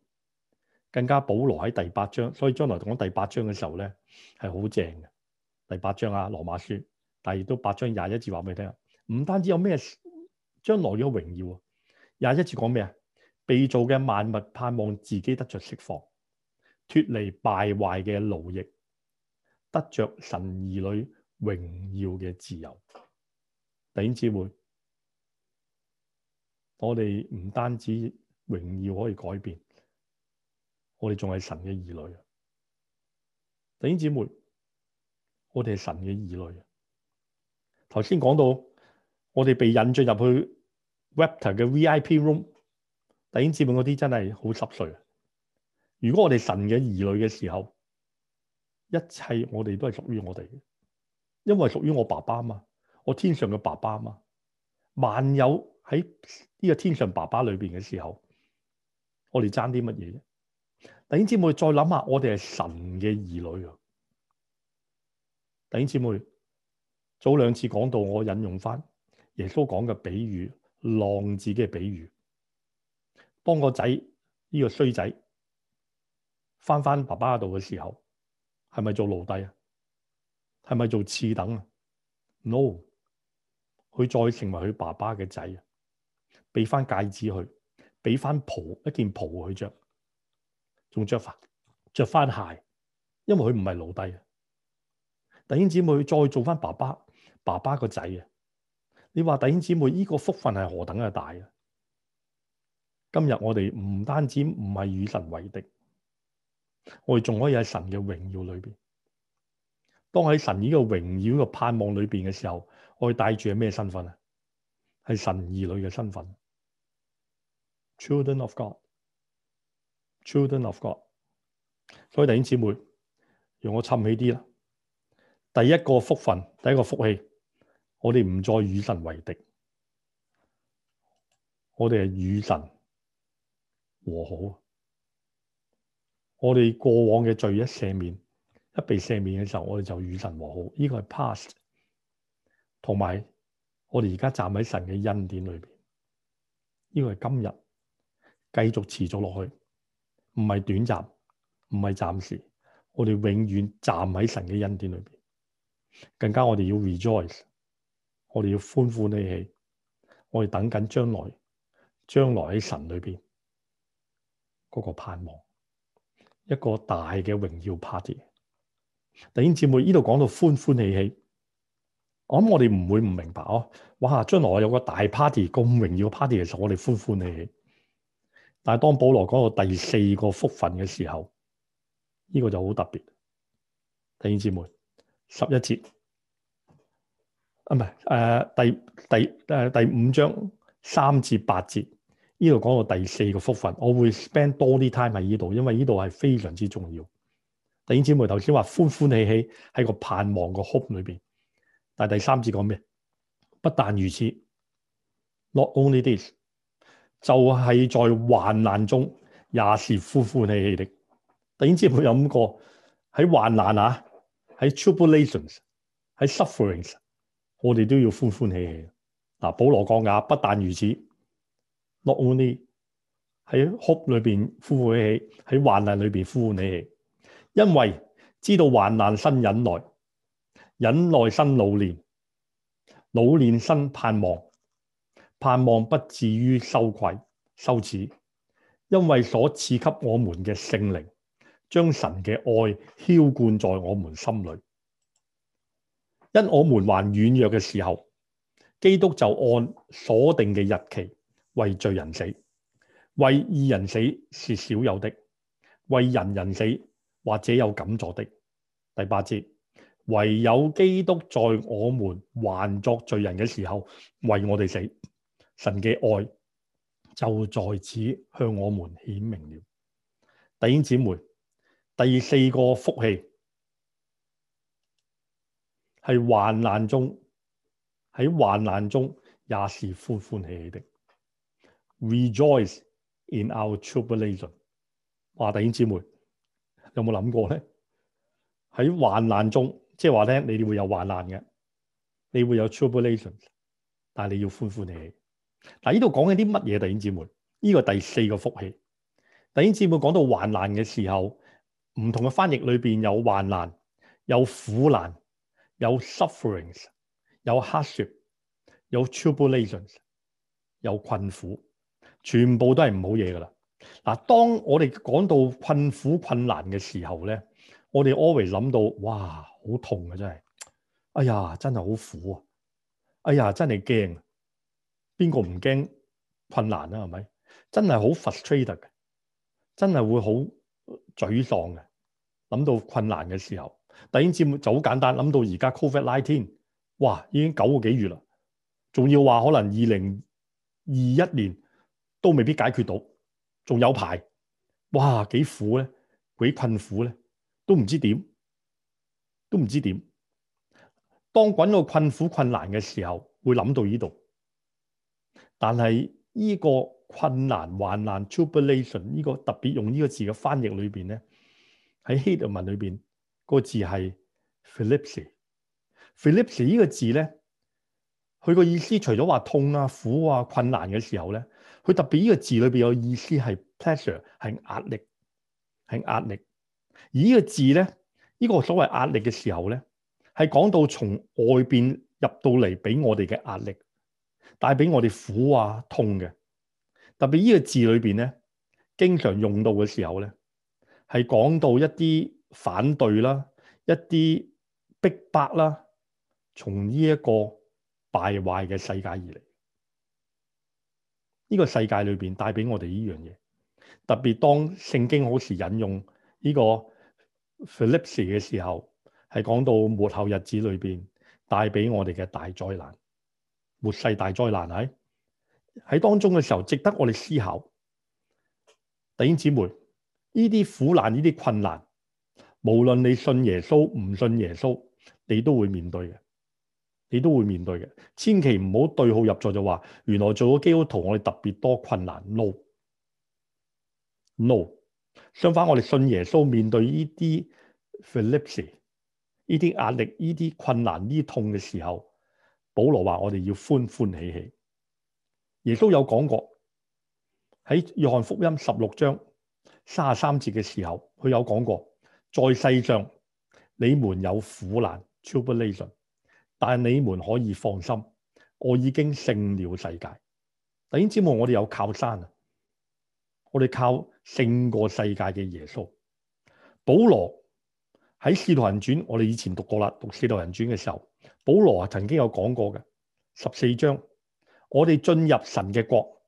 更加保羅喺第八章，所以將來講第八章嘅時候咧，係好正嘅。第八章啊，《羅馬書》第二都八章廿一字話俾你聽，唔單止有咩將來嘅榮耀，啊，廿一字講咩啊？被造嘅萬物盼望自己得着釋放，脫離敗壞嘅奴役，得着神兒女榮耀嘅自由。弟兄姊妹，我哋唔單止榮耀可以改變，我哋仲係神嘅兒女啊！弟兄姊妹。.我哋係神嘅兒女。頭先講到，我哋被引進入去 Waptor 嘅 VIP room，弟兄姊妹嗰啲真係好濕碎啊！如果我哋神嘅兒女嘅時候，一切我哋都係屬於我哋嘅，因為屬於我爸爸嘛，我天上嘅爸爸嘛。萬有喺呢個天上爸爸裏邊嘅時候，我哋爭啲乜嘢啫？弟兄姊妹再諗下我們是，我哋係神嘅兒女啊！弟兄姊妹，早兩次講到，我引用翻耶穌講嘅比喻，浪子嘅比喻。當個仔呢個衰仔翻翻爸爸度嘅時候，係咪做奴隸啊？係咪做次等啊？No，佢再成為佢爸爸嘅仔啊，俾翻戒指佢，俾翻袍一件袍佢著，仲著翻著翻鞋，因為佢唔係奴隸。弟兄姊妹，再做翻爸爸、爸爸個仔啊，你話，弟兄姊妹呢個福分係何等嘅大啊！今日我哋唔單止唔係與神為敵，我哋仲可以喺神嘅榮耀裏邊，當喺神呢個榮耀嘅盼望裏邊嘅時候，我哋帶住係咩身份啊？係神兒女嘅身份，Children of God，Children of God，所以弟兄姊妹，讓我襯起啲啦。第一個福分，第一個福氣，我哋唔再與神為敵，我哋係與神和好。我哋過往嘅罪一赦免，一被赦免嘅時候，我哋就與神和好。呢、這個係 past，同埋我哋而家站喺神嘅恩典裏面。呢、這個係今日繼續持續落去，唔係短暫，唔係暫時，我哋永遠站喺神嘅恩典裏面。更加我哋要 rejoice，我哋要歡歡喜喜，我哋等緊將來，將來喺神裏邊嗰個盼望，一個大嘅榮耀 party。弟兄姐妹，呢度講到歡歡喜喜，我諗我哋唔會唔明白哦。哇，將來我有個大 party，咁榮耀 party 嘅時候我哋歡歡喜喜。但係當保羅講到第四個福分嘅時候，呢個就好特別，弟兄姐妹。十一節，啊唔係，誒第第誒第五章三至八節，呢度講到第四個福分，我會 spend 多啲 time 喺呢度，因為呢度係非常之重要。弟兄姊妹，頭先話歡歡喜喜喺個盼望個 hope 裏邊，但係第三節講咩？不但如此，not only this，就係在患難中也是歡歡喜喜的。弟兄姊妹有冇諗過喺患難啊？喺 tribulations，喺 sufferings，我哋都要歡歡喜喜。嗱，保羅講啊，不但如此，not only 喺 hope 裏邊歡歡喜喜，喺患難裏邊歡歡喜喜，因為知道患難生忍耐，忍耐生老練，老練生盼望，盼望不至於羞愧羞恥，因為所賜給我們嘅聖靈。將神嘅愛澆灌在我們心裏，因我們還軟弱嘅時候，基督就按所定嘅日期為罪人死，為義人死是少有的，為人人死或者有敢做的。第八節，唯有基督在我們還作罪人嘅時候為我哋死，神嘅愛就在此向我們顯明了。弟兄姊妹。第四個福氣係患難中，喺患難中也是歡歡喜喜的。Rejoice in our tribulation。哇！弟兄姊妹有冇諗過咧？喺患難中，即係話咧，你哋會有患難嘅，你會有 tribulation，但係你要歡歡喜喜。嗱，呢度講緊啲乜嘢，弟兄姊妹？呢個第四個福氣，弟兄姊妹講到患難嘅時候。唔同嘅翻譯裏面有患難、有苦難、有 sufferings、有 hardship、有 tribulations、有困苦，全部都係唔好嘢噶啦。嗱，當我哋講到困苦、困難嘅時候咧，我哋 always 諗到，哇，好痛啊，真係，哎呀，真係好苦啊，哎呀，真係驚，邊個唔驚困難啊？係咪？真係好 frustrated 嘅，真係會好。沮喪嘅，諗到困難嘅時候，突然之間就好簡單諗到而家 Covid nineteen，哇，已經九個幾月啦，仲要話可能二零二一年都未必解決到，仲有排，哇，幾苦咧，幾困苦咧，都唔知點，都唔知點。當滾到困苦困難嘅時候，會諗到呢度，但係呢個。困難、患難、tribulation、這、呢個特別用呢個字嘅翻譯裏邊咧，喺 Hebrew 文裏邊，那個字係 philips。philips 呢個字咧，佢個意思除咗話痛啊、苦啊、困難嘅時候咧，佢特別呢個字裏邊有意思係 pressure，係壓力，係壓力。而呢個字咧，呢、這個所謂壓力嘅時候咧，係講到從外邊入到嚟俾我哋嘅壓力，帶俾我哋苦啊、痛嘅。特別呢個字裏邊咧，經常用到嘅時候咧，係講到一啲反對啦，一啲逼迫啦，從呢一個敗壞嘅世界而嚟。呢個世界裏邊帶俾我哋呢樣嘢，特別當聖經好似引用呢個 Philipsy 嘅時候，係講到末後日子裏邊帶俾我哋嘅大災難，末世大災難係。喺當中嘅時候，值得我哋思考。弟兄姊妹，呢啲苦難，呢啲困難，無論你信耶穌唔信耶穌，你都會面對嘅，你都會面對嘅。千祈唔好對號入座就話，原來做咗基督徒我哋特別多困難。No，no no。相反，我哋信耶穌面對呢啲 philipsy，呢啲壓力、呢啲困難、呢啲痛嘅時候，保羅話我哋要歡歡喜喜。耶穌有講過喺約翰福音十六章三十三節嘅時候，佢有講過，在世上你們有苦難，tribulation，但係你們可以放心，我已經勝了世界。等於之，我我哋有靠山啊，我哋靠勝過世界嘅耶穌。保羅喺使徒行傳，我哋以前讀過啦，讀使徒行傳嘅時候，保羅啊曾經有講過嘅十四章。我哋進入神嘅國，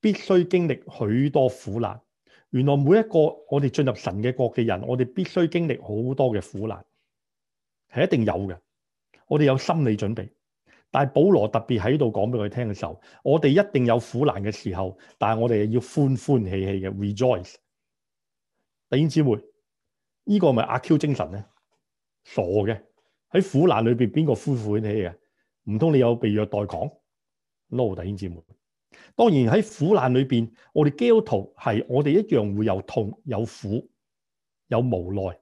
必須經歷許多苦難。原來每一個我哋進入神嘅國嘅人，我哋必須經歷好多嘅苦難，係一定有嘅。我哋有心理準備，但係保羅特別喺度講俾佢聽嘅時候，我哋一定有苦難嘅時候，但係我哋要歡歡喜喜嘅 Rejoice。弟兄姊妹，呢個咪阿 Q 精神咧？傻嘅，喺苦難裏邊，邊個歡歡喜喜啊？唔通你有被虐待狂？老弟兄姊妹，當然喺苦難裏邊，我哋基督徒係我哋一樣會有痛、有苦、有無奈。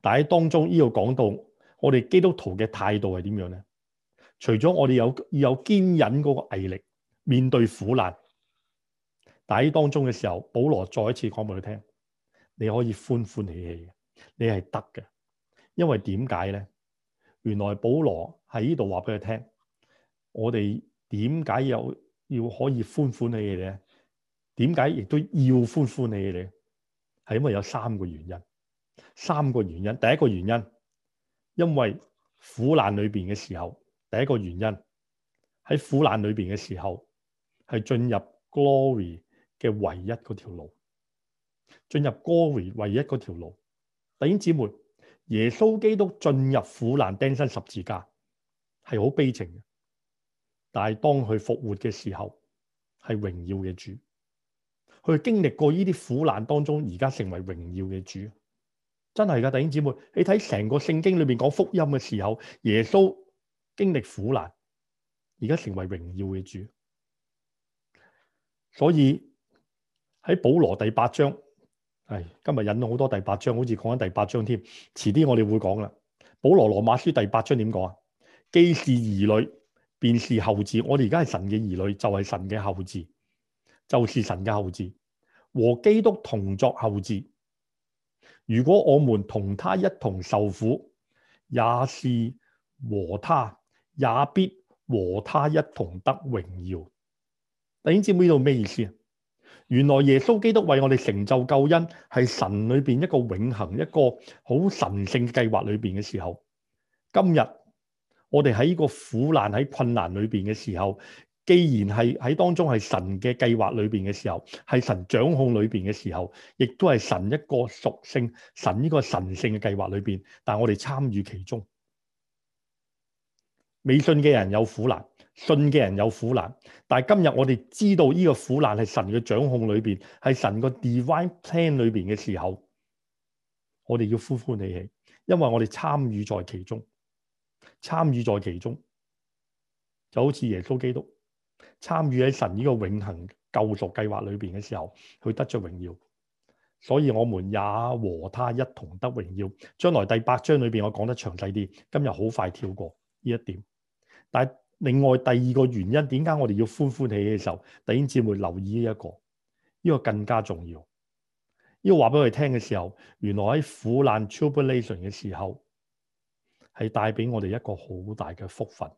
但喺當中呢度講到，我哋基督徒嘅態度係點樣咧？除咗我哋有要有堅忍嗰個毅力面對苦難，但喺當中嘅時候，保羅再一次講俾佢聽：你可以歡歡喜喜嘅，你係得嘅，因為點解咧？原來保羅喺呢度話俾佢聽。我哋點解有要可以歡歡喜喜咧？點解亦都要歡歡喜喜？係因為有三個原因，三個原因。第一個原因，因為苦難裏邊嘅時候，第一個原因喺苦難裏邊嘅時候，係進入 glory 嘅唯一嗰條路，進入 glory 唯一嗰條路。弟兄姊妹，耶穌基督進入苦難釘身十字架，係好悲情嘅。但係當佢復活嘅時候，係榮耀嘅主。佢經歷過呢啲苦難當中，而家成為榮耀嘅主，真係㗎，弟兄姊妹。你睇成個聖經裏面講福音嘅時候，耶穌經歷苦難，而家成為榮耀嘅主。所以喺保羅第八章，唉，今日引到好多第八章，好似講緊第八章添。遲啲我哋會講啦。保羅羅馬書第八章點講啊？既是兒女。便是後嗣。我哋而家係神嘅兒女，就係、是、神嘅後嗣，就是神嘅後嗣。和基督同作後嗣。如果我們同他一同受苦，也是和他，也必和他一同得榮耀。弟兄姊妹，知唔知道咩意思啊？原來耶穌基督為我哋成就救恩，係神裏邊一個永恆、一個好神聖計劃裏邊嘅時候，今日。我哋喺呢個苦難喺困難裏邊嘅時候，既然係喺當中係神嘅計劃裏邊嘅時候，係神掌控裏邊嘅時候，亦都係神一個屬性神呢個神性嘅計劃裏邊，但係我哋參與其中。未信嘅人有苦難，信嘅人有苦難，但係今日我哋知道呢個苦難係神嘅掌控裏邊，係神個 Divine Plan 裏邊嘅時候，我哋要歡歡喜喜，因為我哋參與在其中。參與在其中，就好似耶穌基督參與喺神呢個永恒救贖計劃裏邊嘅時候，佢得着榮耀，所以我們也和他一同得榮耀。將來第八章裏邊我講得詳細啲，今日好快跳過呢一點。但係另外第二個原因，點解我哋要歡歡喜喜嘅時候，弟兄姊妹留意呢一個，呢個更加重要。呢個話俾我哋聽嘅時候，原來喺苦難 tribulation 嘅時候。係帶俾我哋一個好大嘅福分，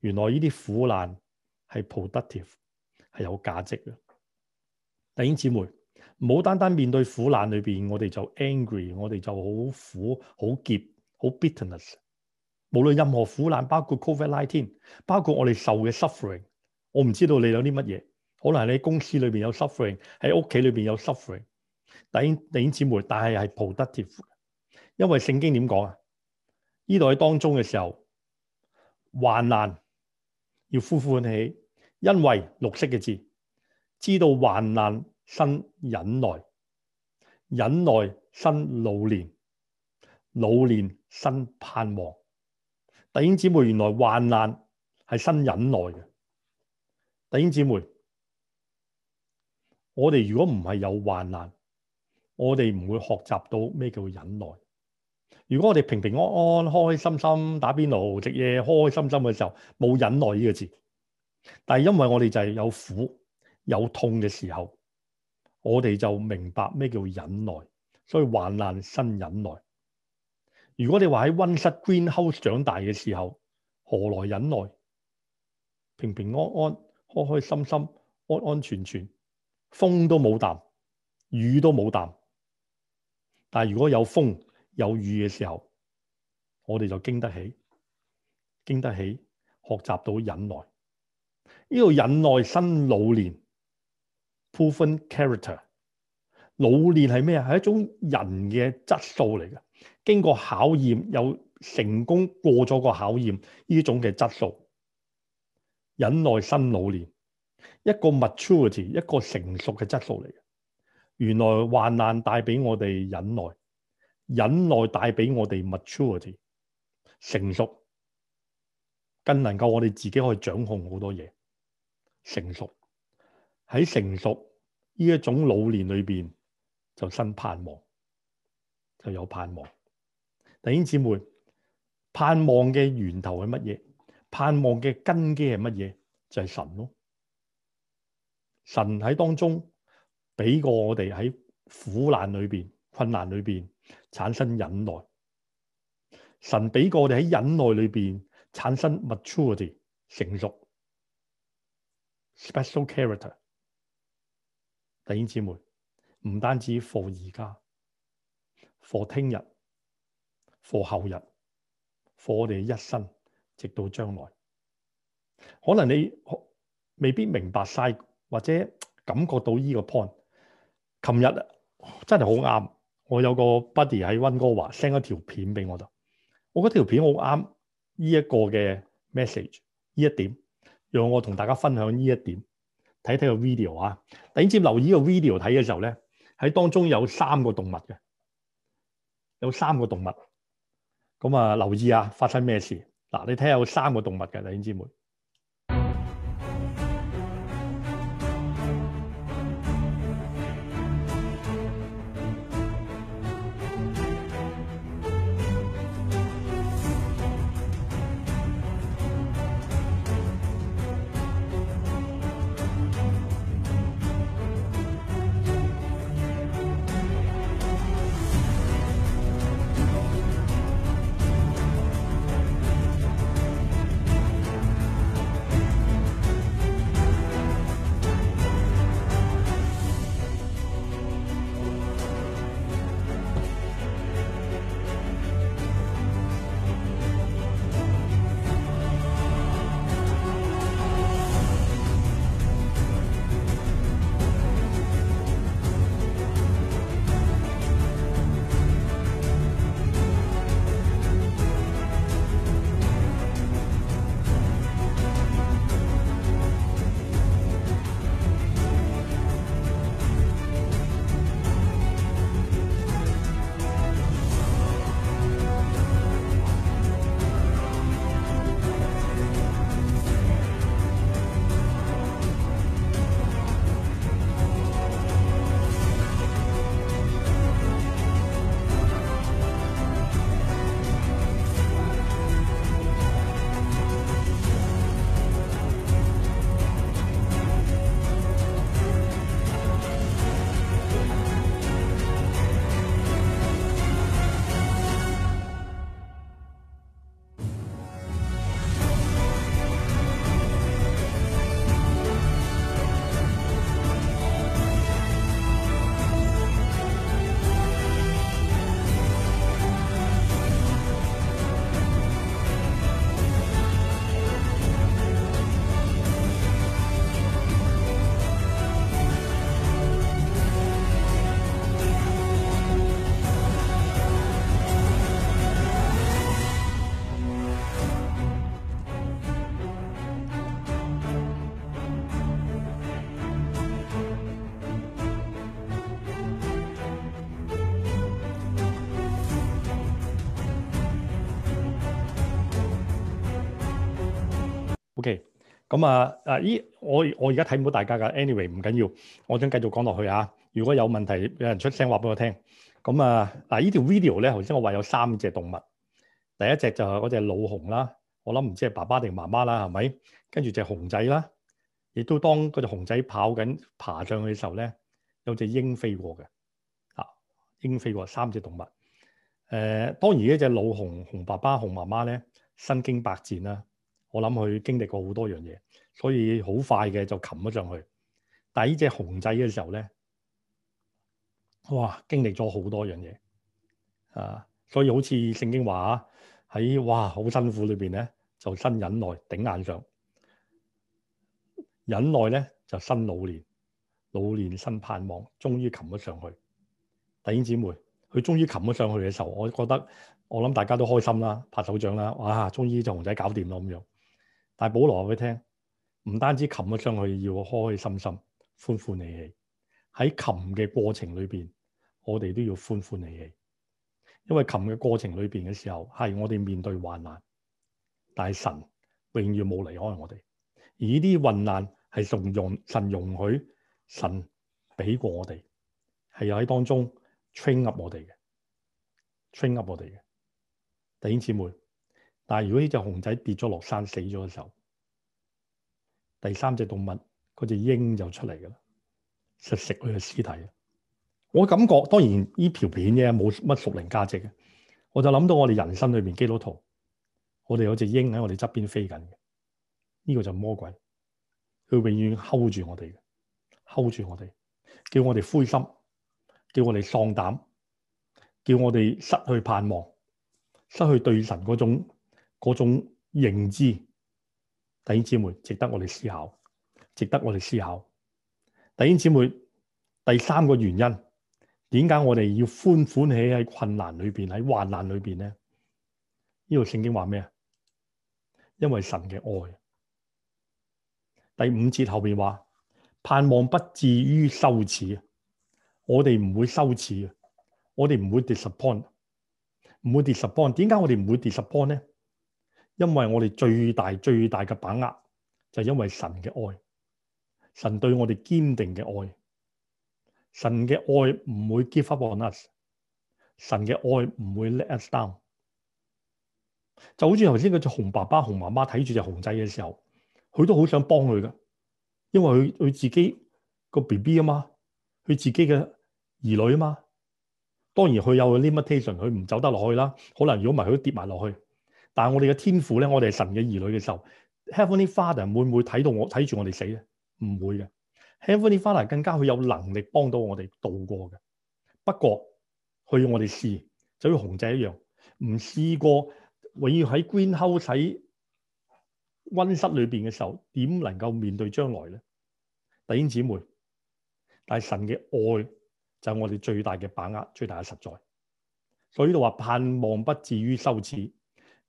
原來呢啲苦難係 productive，係有價值嘅。弟兄姊妹，唔好單單面對苦難裏邊，我哋就 angry，我哋就好苦、好澀、好 bitterness。無論任何苦難，包括 COVID nineteen，包括我哋受嘅 suffering，我唔知道你有啲乜嘢，可能你喺公司裏邊有 suffering，喺屋企裏邊有 suffering。弟兄弟兄姊妹，但係係 productive，因為聖經點講啊？呢度喺當中嘅時候，患難要呼喚起，因為綠色嘅字知道患難生忍耐，忍耐生老練，老練生盼望。弟兄姊妹，原來患難係生忍耐嘅。弟兄姊妹，我哋如果唔係有患難，我哋唔會學習到咩叫忍耐。如果我哋平平安安、開開心心打邊爐、食嘢、開開心心嘅時候，冇忍耐呢個字。但係因為我哋就係有苦、有痛嘅時候，我哋就明白咩叫忍耐。所以患難生忍耐。如果你話喺溫室 green house 長大嘅時候，何來忍耐？平平安安、開開心心、安安全全，風都冇啖，雨都冇啖。但係如果有風，有雨嘅時候，我哋就經得起，經得起學習到忍耐。呢個忍耐、生老練 proven character，老練係咩啊？係一種人嘅質素嚟嘅。經過考驗，有成功過咗個考驗，呢種嘅質素，忍耐、生老練，一個 maturity，一個成熟嘅質素嚟嘅。原來患難帶俾我哋忍耐。忍耐帶俾我哋 maturity 成熟，更能夠我哋自己可以掌控好多嘢。成熟喺，成熟呢一種老年裏邊就生盼望，就有盼望。弟兄姊妹，盼望嘅源頭係乜嘢？盼望嘅根基係乜嘢？就係神咯。神喺當中俾過我哋喺苦難裏邊、困難裏邊產生忍耐，神俾過我哋喺忍耐裏邊產生 maturity 成熟，special character。弟兄姐妹，唔單止 for 而家，for 聽日，for 後日，for 我哋一生，直到將來。可能你未必明白晒，或者感覺到呢個 point。琴日，真係好啱。.我有個 buddy 喺溫哥華 send 咗條片俾我度，我覺得條片好啱呢一個嘅 message 呢一點，讓我同大家分享呢一點，睇睇個 video 啊。你先注意留意個 video 睇嘅時候咧，喺當中有三個動物嘅，有三個動物，咁啊留意啊發生咩事？嗱，你睇下有三個動物嘅，你先知妹。咁啊，啊依我我而家睇唔到大家㗎，anyway, 唔緊要，我想繼續講落去啊。如果有問題，有人出聲話俾我聽。咁啊，嗱依條 video 咧，頭先我話有三隻動物，第一隻就係嗰隻老熊啦，我諗唔知係爸爸定媽媽啦，係咪？跟住隻熊仔啦，亦都當嗰隻熊仔跑緊爬上去嘅時候咧，有隻鷹飛過嘅，啊，鷹飛過，三隻動物。誒、呃，當然呢隻老熊熊爸爸熊媽媽咧，身經百戰啦，我諗佢經歷過好多樣嘢。所以好快嘅就擒咗上去，但呢隻熊仔嘅時候咧，哇，經歷咗好多樣嘢啊！所以好似聖經話喺、啊、哇好辛苦裏邊咧，就新忍耐頂硬上，忍耐咧就新老年，老年新盼望，終於擒咗上去。弟兄姊妹，佢終於擒咗上去嘅時候，我覺得我諗大家都開心啦，拍手掌啦，哇，終於隻熊仔搞掂咯咁樣。但係保羅話俾你聽。唔單止擒咗上去要開開心心、歡歡喜喜，喺擒嘅過程裏邊，我哋都要歡歡喜喜，因為擒嘅過程裏邊嘅時候係我哋面對患難，但係神永遠冇離開我哋。而呢啲患難係神容神容許神俾過我哋，係又喺當中 train up 我哋嘅，train up 我哋嘅弟兄姊妹。但係如果呢隻熊仔跌咗落山死咗嘅時候，第三隻動物，嗰隻鷹就出嚟㗎喇，就食佢嘅屍體。我感覺當然呢條片啫，冇乜屬靈價值。我就諗到我哋人生裏面基督徒，我哋有隻鷹喺我哋側邊飛緊。呢、呢個就係魔鬼，佢永遠睺住我哋嘅，睺住我哋，叫我哋灰心，叫我哋喪膽，叫我哋失去盼望，失去對神嗰種嗰種認知。弟兄姊妹，值得我哋思考，值得我哋思考。弟兄姊妹，第三個原因，點解我哋要歡歡喜喺困難裏邊，喺患難裏邊咧？呢個聖經話咩啊？因為神嘅愛。第五節後面話，盼望不至於羞恥。我哋唔會羞恥，我哋唔會 disappoint，唔會 disappoint。點解我哋唔會 disappoint 咧？因為我哋最大最大嘅把握，就係因為神嘅愛，神對我哋堅定嘅愛，神嘅愛唔會 give up on us，神嘅愛唔會 let us down。就好似頭先嗰隻熊爸爸、熊媽媽睇住隻熊仔嘅時候，佢都好想幫佢噶，因為佢佢自己個 B B 啊嘛，佢自己嘅兒女啊嘛，當然佢有 limitation，佢唔走得落去啦，可能如果唔係佢都跌埋落去。但係我哋嘅天父咧，我哋係神嘅兒女嘅時候，Heavenly Father 會唔會睇到我睇住我哋死咧？唔會嘅，Heavenly Father 更加佢有能力幫到我哋度過嘅。不過佢要我哋試就要熊仔一樣，唔試過，永遠喺 green house 喺溫室裏邊嘅時候，點能夠面對將來咧？弟兄姊妹，但係神嘅愛就係我哋最大嘅把握，最大嘅實在。所以呢度話盼望不至於羞恥。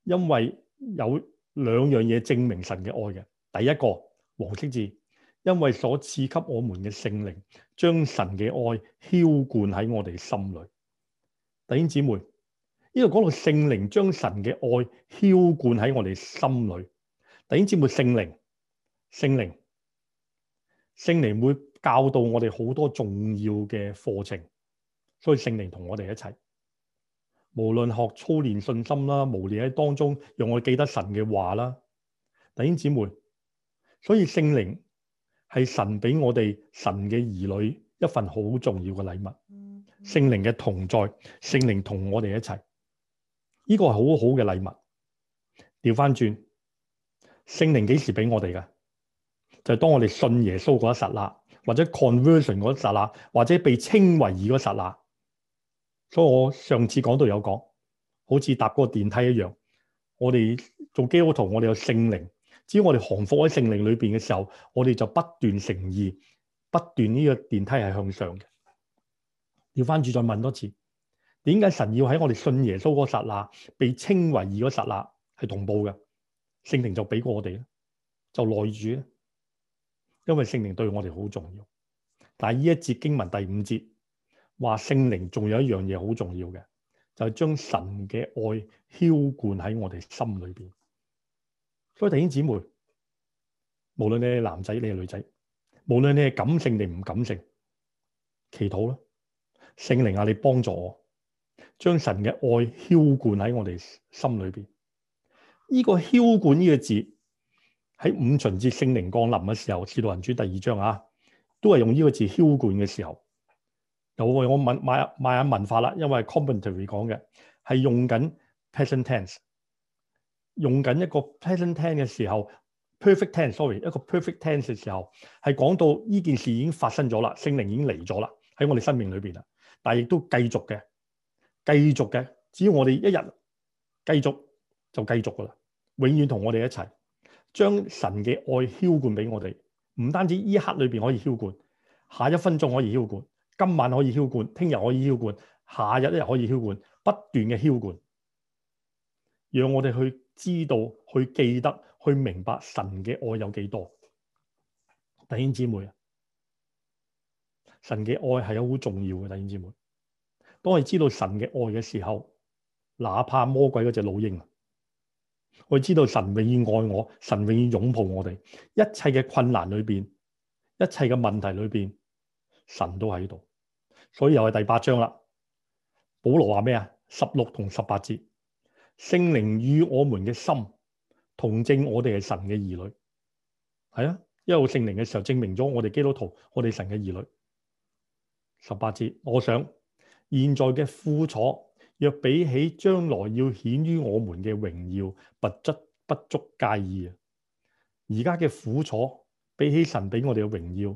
因為有兩樣嘢證明神嘅愛嘅，第一個黃色字，因為所賜給我們嘅聖靈，將神嘅愛澆灌喺我哋心裏。弟兄姊妹，呢度講到聖靈將神嘅愛澆灌喺我哋心裏。弟兄姊妹，聖靈，聖靈，聖靈會教導我哋好多重要嘅課程，所以聖靈同我哋一齊。無論學操練信心啦，磨練喺當中，讓我記得神嘅話啦。弟兄姊妹，所以聖靈係神俾我哋神嘅兒女一份好重要嘅禮物。聖靈嘅同在，聖靈同我哋一齊，呢個係好好嘅禮物。調翻轉，聖靈幾時俾我哋噶就係當我哋信耶穌嗰一剎那，或者 conversion 嗰一剎那，或者被稱為兒嗰剎那。所以我上次講到有講，好似搭嗰個電梯一樣，我哋做基督徒，我哋有聖靈。只要我哋降服喺聖靈裏邊嘅時候，我哋就不斷誠意，不斷呢個電梯係向上嘅。調翻轉再問多次，點解神要喺我哋信耶穌嗰剎那，被稱爲義嗰剎那係同步嘅？聖靈就俾過我哋，就內住，因為聖靈對我哋好重要。但係呢一節經文第五節。話聖靈仲有一樣嘢好重要嘅，就係、是、將神嘅愛澆灌喺我哋心裏邊。所以弟兄姊妹，無論你係男仔，你係女仔，無論你係感性定唔感性，祈禱啦，聖靈啊，你幫助我，將神嘅愛澆灌喺我哋心裏邊。呢、這個澆灌呢個字喺五旬節聖靈降臨嘅時候，使徒行傳第二章啊，都係用呢個字澆灌嘅時候。有我買買買下文化啦，因為 commentary 講嘅係用緊 present tense，用緊一個 present tense 嘅時候，perfect tense sorry 一個 perfect tense 嘅時候係講到呢件事已經發生咗啦，聖靈已經嚟咗啦，喺我哋生命裏面啦，但係亦都繼續嘅，繼續嘅，只要我哋一日繼續就繼續噶啦，永遠同我哋一齊將神嘅愛澆灌俾我哋，唔單止呢刻裏面可以澆灌，下一分鐘可以澆灌。今晚可以澆灌，聽日可以澆灌，下日一日可以澆灌，不斷嘅澆灌，讓我哋去知道、去記得、去明白神嘅愛有幾多少。弟兄姊妹啊，神嘅愛係有好重要嘅。弟兄姊妹，當我哋知道神嘅愛嘅時候，哪怕魔鬼嗰隻老鷹啊，我哋知道神永遠愛我，神永遠擁抱我哋，一切嘅困難裏邊，一切嘅問題裏邊。神都喺度，所以又係第八章啦。保羅話咩啊？十六同十八節，聖靈與我們嘅心同證，我哋係神嘅兒女。係啊，一路聖靈嘅時候，證明咗我哋基督徒，我哋神嘅兒女。十八節，我想現在嘅苦楚，若比起將來要顯於我們嘅榮耀，物質不足介意啊。而家嘅苦楚比起神俾我哋嘅榮耀。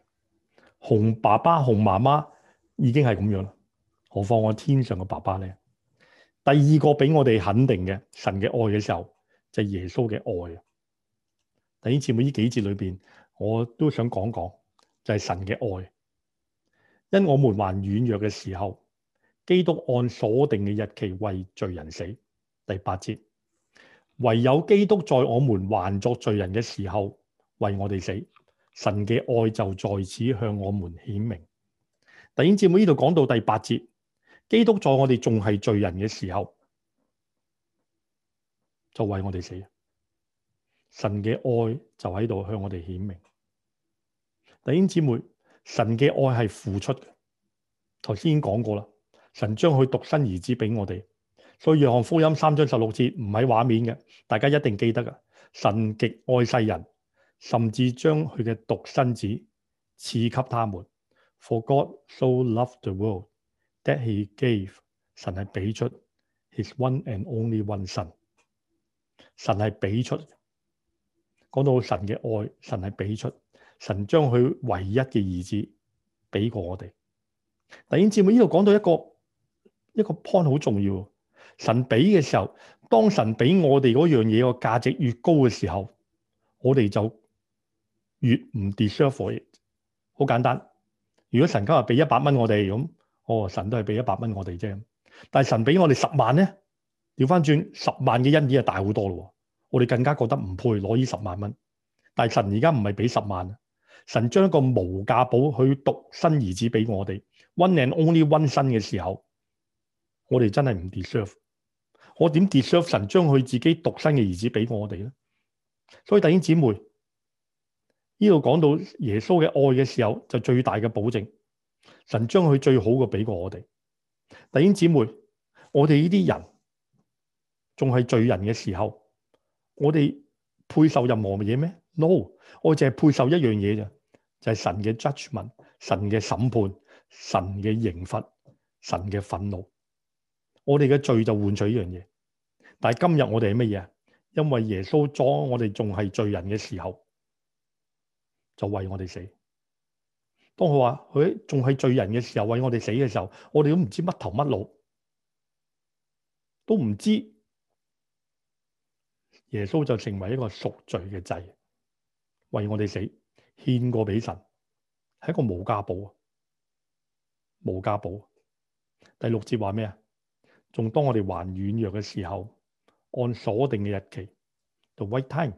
熊爸爸、熊媽媽已經係咁樣啦，何況我天上嘅爸爸咧？第二個俾我哋肯定嘅神嘅愛嘅時候，就係、是、耶穌嘅愛啊！第一次每呢幾節裏邊，我都想講講，就係神嘅愛。因我們還軟弱嘅時候，基督按所定嘅日期為罪人死。第八節，唯有基督在我們還作罪人嘅時候，為我哋死。神嘅愛就在此向我們顯明。弟兄姐妹，呢度講到第八節，基督在我哋仲係罪人嘅時候，就為我哋死。神嘅愛就喺度向我哋顯明。弟兄姐妹，神嘅愛係付出嘅。頭先已經講過啦，神將佢獨生兒子俾我哋。所以約翰福音三章十六節唔喺畫面嘅，大家一定記得啊。神極愛世人。甚至將佢嘅獨生子賜給他們。For God so loved the world that He gave 神。神係俾出 His one and only one 神。神係俾出。講到神嘅愛，神係俾出。神將佢唯一嘅兒子俾過我哋。突然點，我呢度講到一個一個 point 好重要。神俾嘅時候，當神俾我哋嗰樣嘢個價值越高嘅時候，我哋就。越唔 deserve，好簡單。如果神今日俾一百蚊我哋，咁哦，神都係俾一百蚊我哋啫。但係神俾我哋十萬咧，調翻轉，十萬嘅恩典啊大好多咯。我哋更加覺得唔配攞呢十萬蚊。但係神而家唔係俾十萬，神將一個無價寶去獨生兒子俾我哋，one and only one 新嘅時候，我哋真係唔 deserve。我點 deserve 神將佢自己獨生嘅兒子俾我哋咧？所以弟兄姊妹。呢度講到耶穌嘅愛嘅時候，就最大嘅保證，神將佢最好嘅俾過我哋。弟兄姊妹，我哋呢啲人仲係罪人嘅時候，我哋配受任何嘅嘢咩？No，我淨係配受一樣嘢啫，就係神嘅 judgement，神嘅審判，神嘅刑罰，神嘅憤怒。我哋嘅罪就換取呢樣嘢，但係今日我哋係乜嘢？因為耶穌裝我哋仲係罪人嘅時候。就為我哋死。當佢話佢仲係罪人嘅時候，為我哋死嘅時候，我哋都唔知乜頭乜腦，都唔知耶穌就成為一個贖罪嘅祭，為我哋死，獻過俾神，係一個無價寶啊！無價寶。第六節話咩啊？仲當我哋還軟弱嘅時候，按所定嘅日期，就 right time，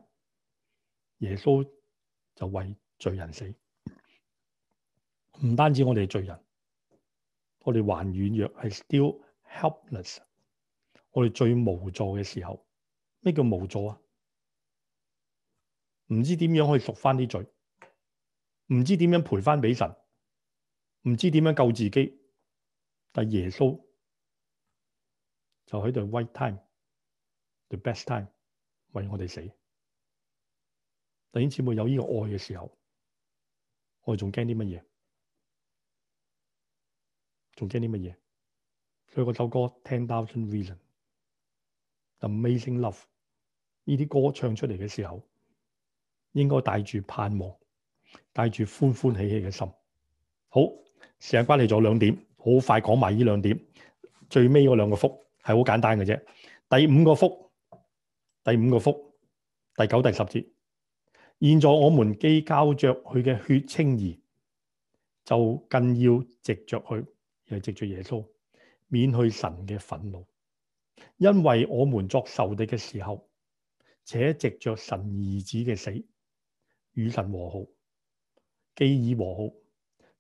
耶穌就為。罪人死，唔單止我哋係罪人，我哋還軟弱，係 still helpless。我哋最無助嘅時候，咩叫無助啊？唔知點樣可以贖翻啲罪，唔知點樣賠翻俾神，唔知點樣救自己。但耶穌就喺度 the right time，the best time，為我哋死。弟兄姊妹有呢個愛嘅時候。我哋仲驚啲乜嘢？仲驚啲乜嘢？所以嗰首歌《Ten Thousand Reasons》、《The Amazing Love》呢啲歌唱出嚟嘅時候，應該帶住盼望，帶住歡歡喜喜嘅心。好，時間關係咗兩點，好快講埋呢兩點。最尾嗰兩個福係好簡單嘅啫。第五個福，第五個福，第九、第十節。現在我們既交着佢嘅血清義，就更要藉着佢，又係藉着耶穌免去神嘅憤怒。因為我們作仇敵嘅時候，且藉着神兒子嘅死與神和好，既已和好，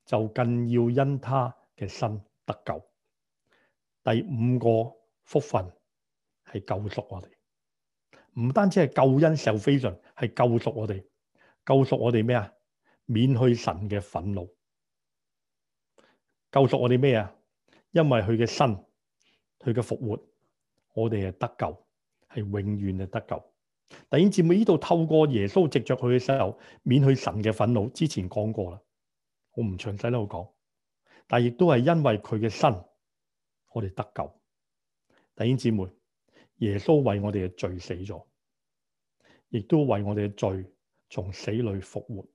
就更要因他嘅身得救。第五個福分係救贖我哋，唔單止係救恩，受非順係救贖我哋。救贖我哋咩啊？免去神嘅憤怒。救贖我哋咩啊？因為佢嘅身，佢嘅復活，我哋係得救，係永遠係得救。弟兄姊妹，呢度透過耶穌藉着佢嘅時候，免去神嘅憤怒，之前講過啦，我唔詳細喺度講，但亦都係因為佢嘅身，我哋得救。弟兄姊妹，耶穌為我哋嘅罪死咗，亦都為我哋嘅罪。從死裏復活，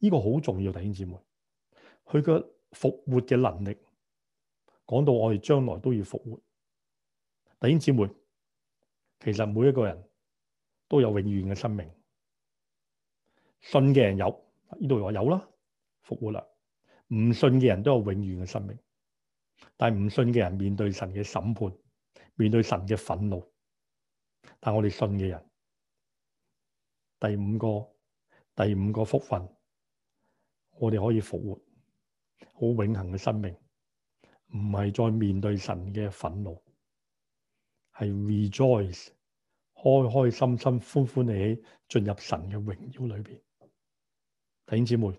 呢個好重要，弟兄姊妹。佢嘅復活嘅能力，講到我哋將來都要復活，弟兄姊妹。其實每一個人都有永遠嘅生命，信嘅人有，呢度話有啦，復活啦。唔信嘅人都有永遠嘅生命，但係唔信嘅人面對神嘅審判，面對神嘅憤怒。但係我哋信嘅人。第五個，第五個福分，我哋可以復活，好永恆嘅生命，唔係再面對神嘅憤怒，係 rejoice，開開心心、歡歡喜喜進入神嘅榮耀裏邊。弟兄姊妹，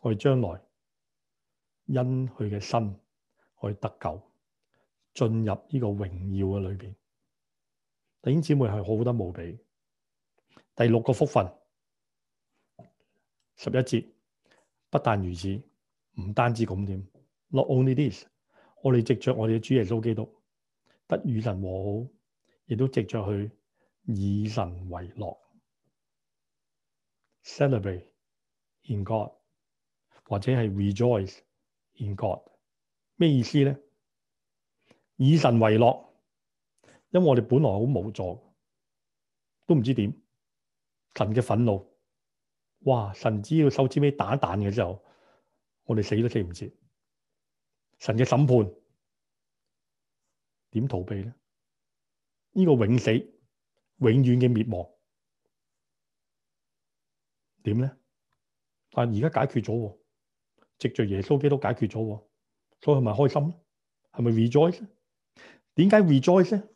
我哋將來因佢嘅身可以得救，進入呢個榮耀嘅裏邊。弟兄姊妹係好得無比。第六個福分，十一節，不但如此，唔單止咁點。Not only this，我哋藉著我哋嘅主耶穌基督得與神和好，亦都藉著佢以神為樂，celebrate in God 或者係 rejoice in God，咩意思呢？以神為樂，因為我哋本來好無助，都唔知點。神嘅憤怒，哇！神只要手指尾彈一彈嘅時候，我哋死都死唔切。神嘅審判，點逃避咧？呢個永死、永遠嘅滅亡，點咧？但而家解決咗，藉着耶穌基督解決咗，所以係咪開心咧？係咪 rejoice 咧？點解 rejoice 咧？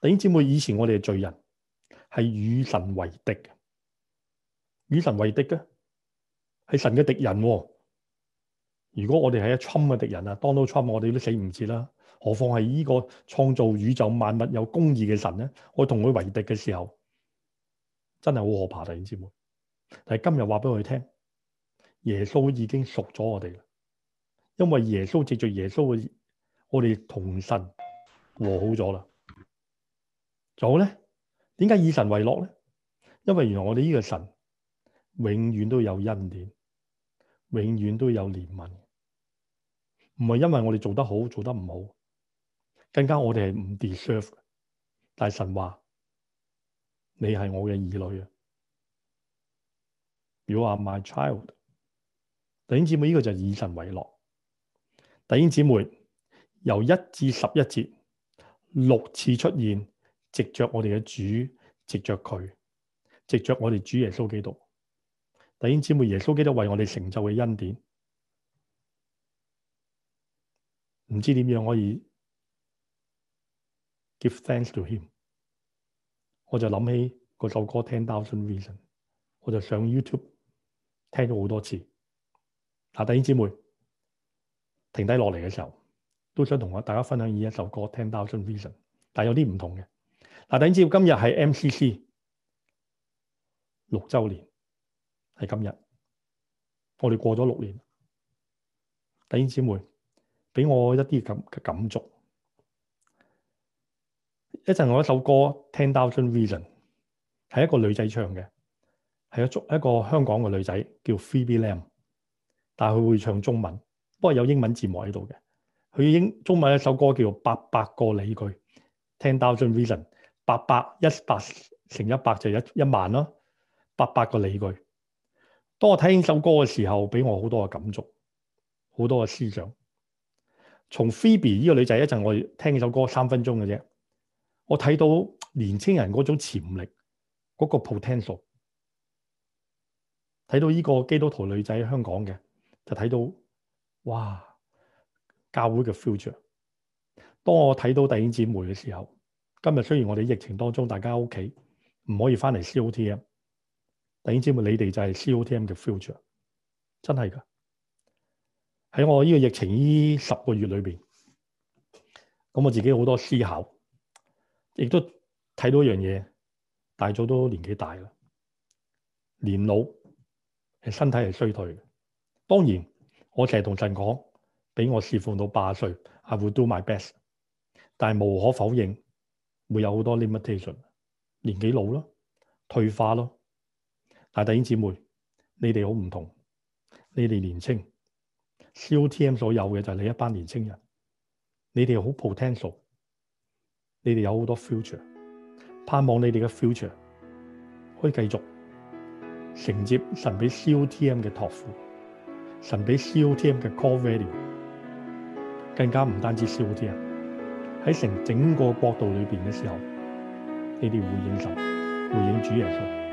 弟兄姊妹，以前我哋係罪人，係與神為敵。與神為敵嘅係神嘅敵人。如果我哋係一侵嘅敵人啊，Donald Trump 我哋都死唔切啦，何況係呢個創造宇宙萬物有公義嘅神咧？我同佢為敵嘅時候，真係好可怕，大家知冇？但係今日話俾我哋聽，耶穌已經贖咗我哋啦，因為耶穌借着耶穌嘅，我哋同神和好咗啦。仲有咧？點解以神為樂咧？因為原來我哋呢個神。永遠都有恩典，永遠都有憐憫，唔係因為我哋做得好，做得唔好，更加我哋係唔 deserve。但是神話你係我嘅兒女啊，表下：「My child。」弟兄姊妹，呢、這個就係以神為樂。弟兄姊妹由一至十一節六次出現，藉着我哋嘅主，藉着佢，藉着我哋主耶穌基督。弟兄姐妹，耶穌基督為我哋成就嘅恩典，唔知點樣可以 give thanks to Him，我就諗起嗰首歌《Ten Thousand Reasons》，我就上 YouTube 聽咗好多次。嗱，弟兄姐妹停低落嚟嘅時候，都想同我大家分享依一首歌《Ten Thousand Reasons》，但有啲唔同嘅。嗱，弟兄姐妹，今日係 MCC 六週年。係今日，我哋過咗六年，弟兄姊妹俾我一啲嘅感,感觸。一陣我一首歌《Ten Thousand Reasons》，係一個女仔唱嘅，係一一個香港嘅女仔叫 Phoebe Lam 但係佢會唱中文，不過有英文字幕喺度嘅。佢英中文一首歌叫做《八百個理據》，《Ten Thousand Reasons》八百一百乘一百就一一萬咯，八百個理據。當我聽呢首歌嘅時候，俾我好多嘅感觸，好多嘅思想。從 Phoebe 呢個女仔，一陣我聽呢首歌三分鐘嘅啫，我睇到年輕人嗰種潛力，嗰個 potential，睇到呢個基督徒女仔喺香港嘅，就睇到哇，教會嘅 future。當我睇到弟兄姊妹嘅時候，今日雖然我哋疫情當中，大家屋企唔可以返嚟 COTM 等於知唔知，你哋就係 COTM 嘅 future，真係㗎。喺我呢個疫情呢十個月裏面，咁我自己好多思考，亦都睇到一樣嘢。大咗都年紀大啦，年老，身體係衰退的。當然，我成日同神講，俾我侍奉到八十歲，I will do my best。但係無可否認，會有好多 limitation。年紀老咯，退化咯。但弟兄姊妹，你哋好唔同，你哋年青，COTM 所有嘅就係你一班年青人，你哋好 potential，你哋有好多 future，盼望你哋嘅 future 可以繼續承接神俾 COTM 嘅託付，神俾 COTM 嘅 core value，更加唔單止 COTM 喺成整個國度裏邊嘅時候，你哋會應受，會應主耶穌。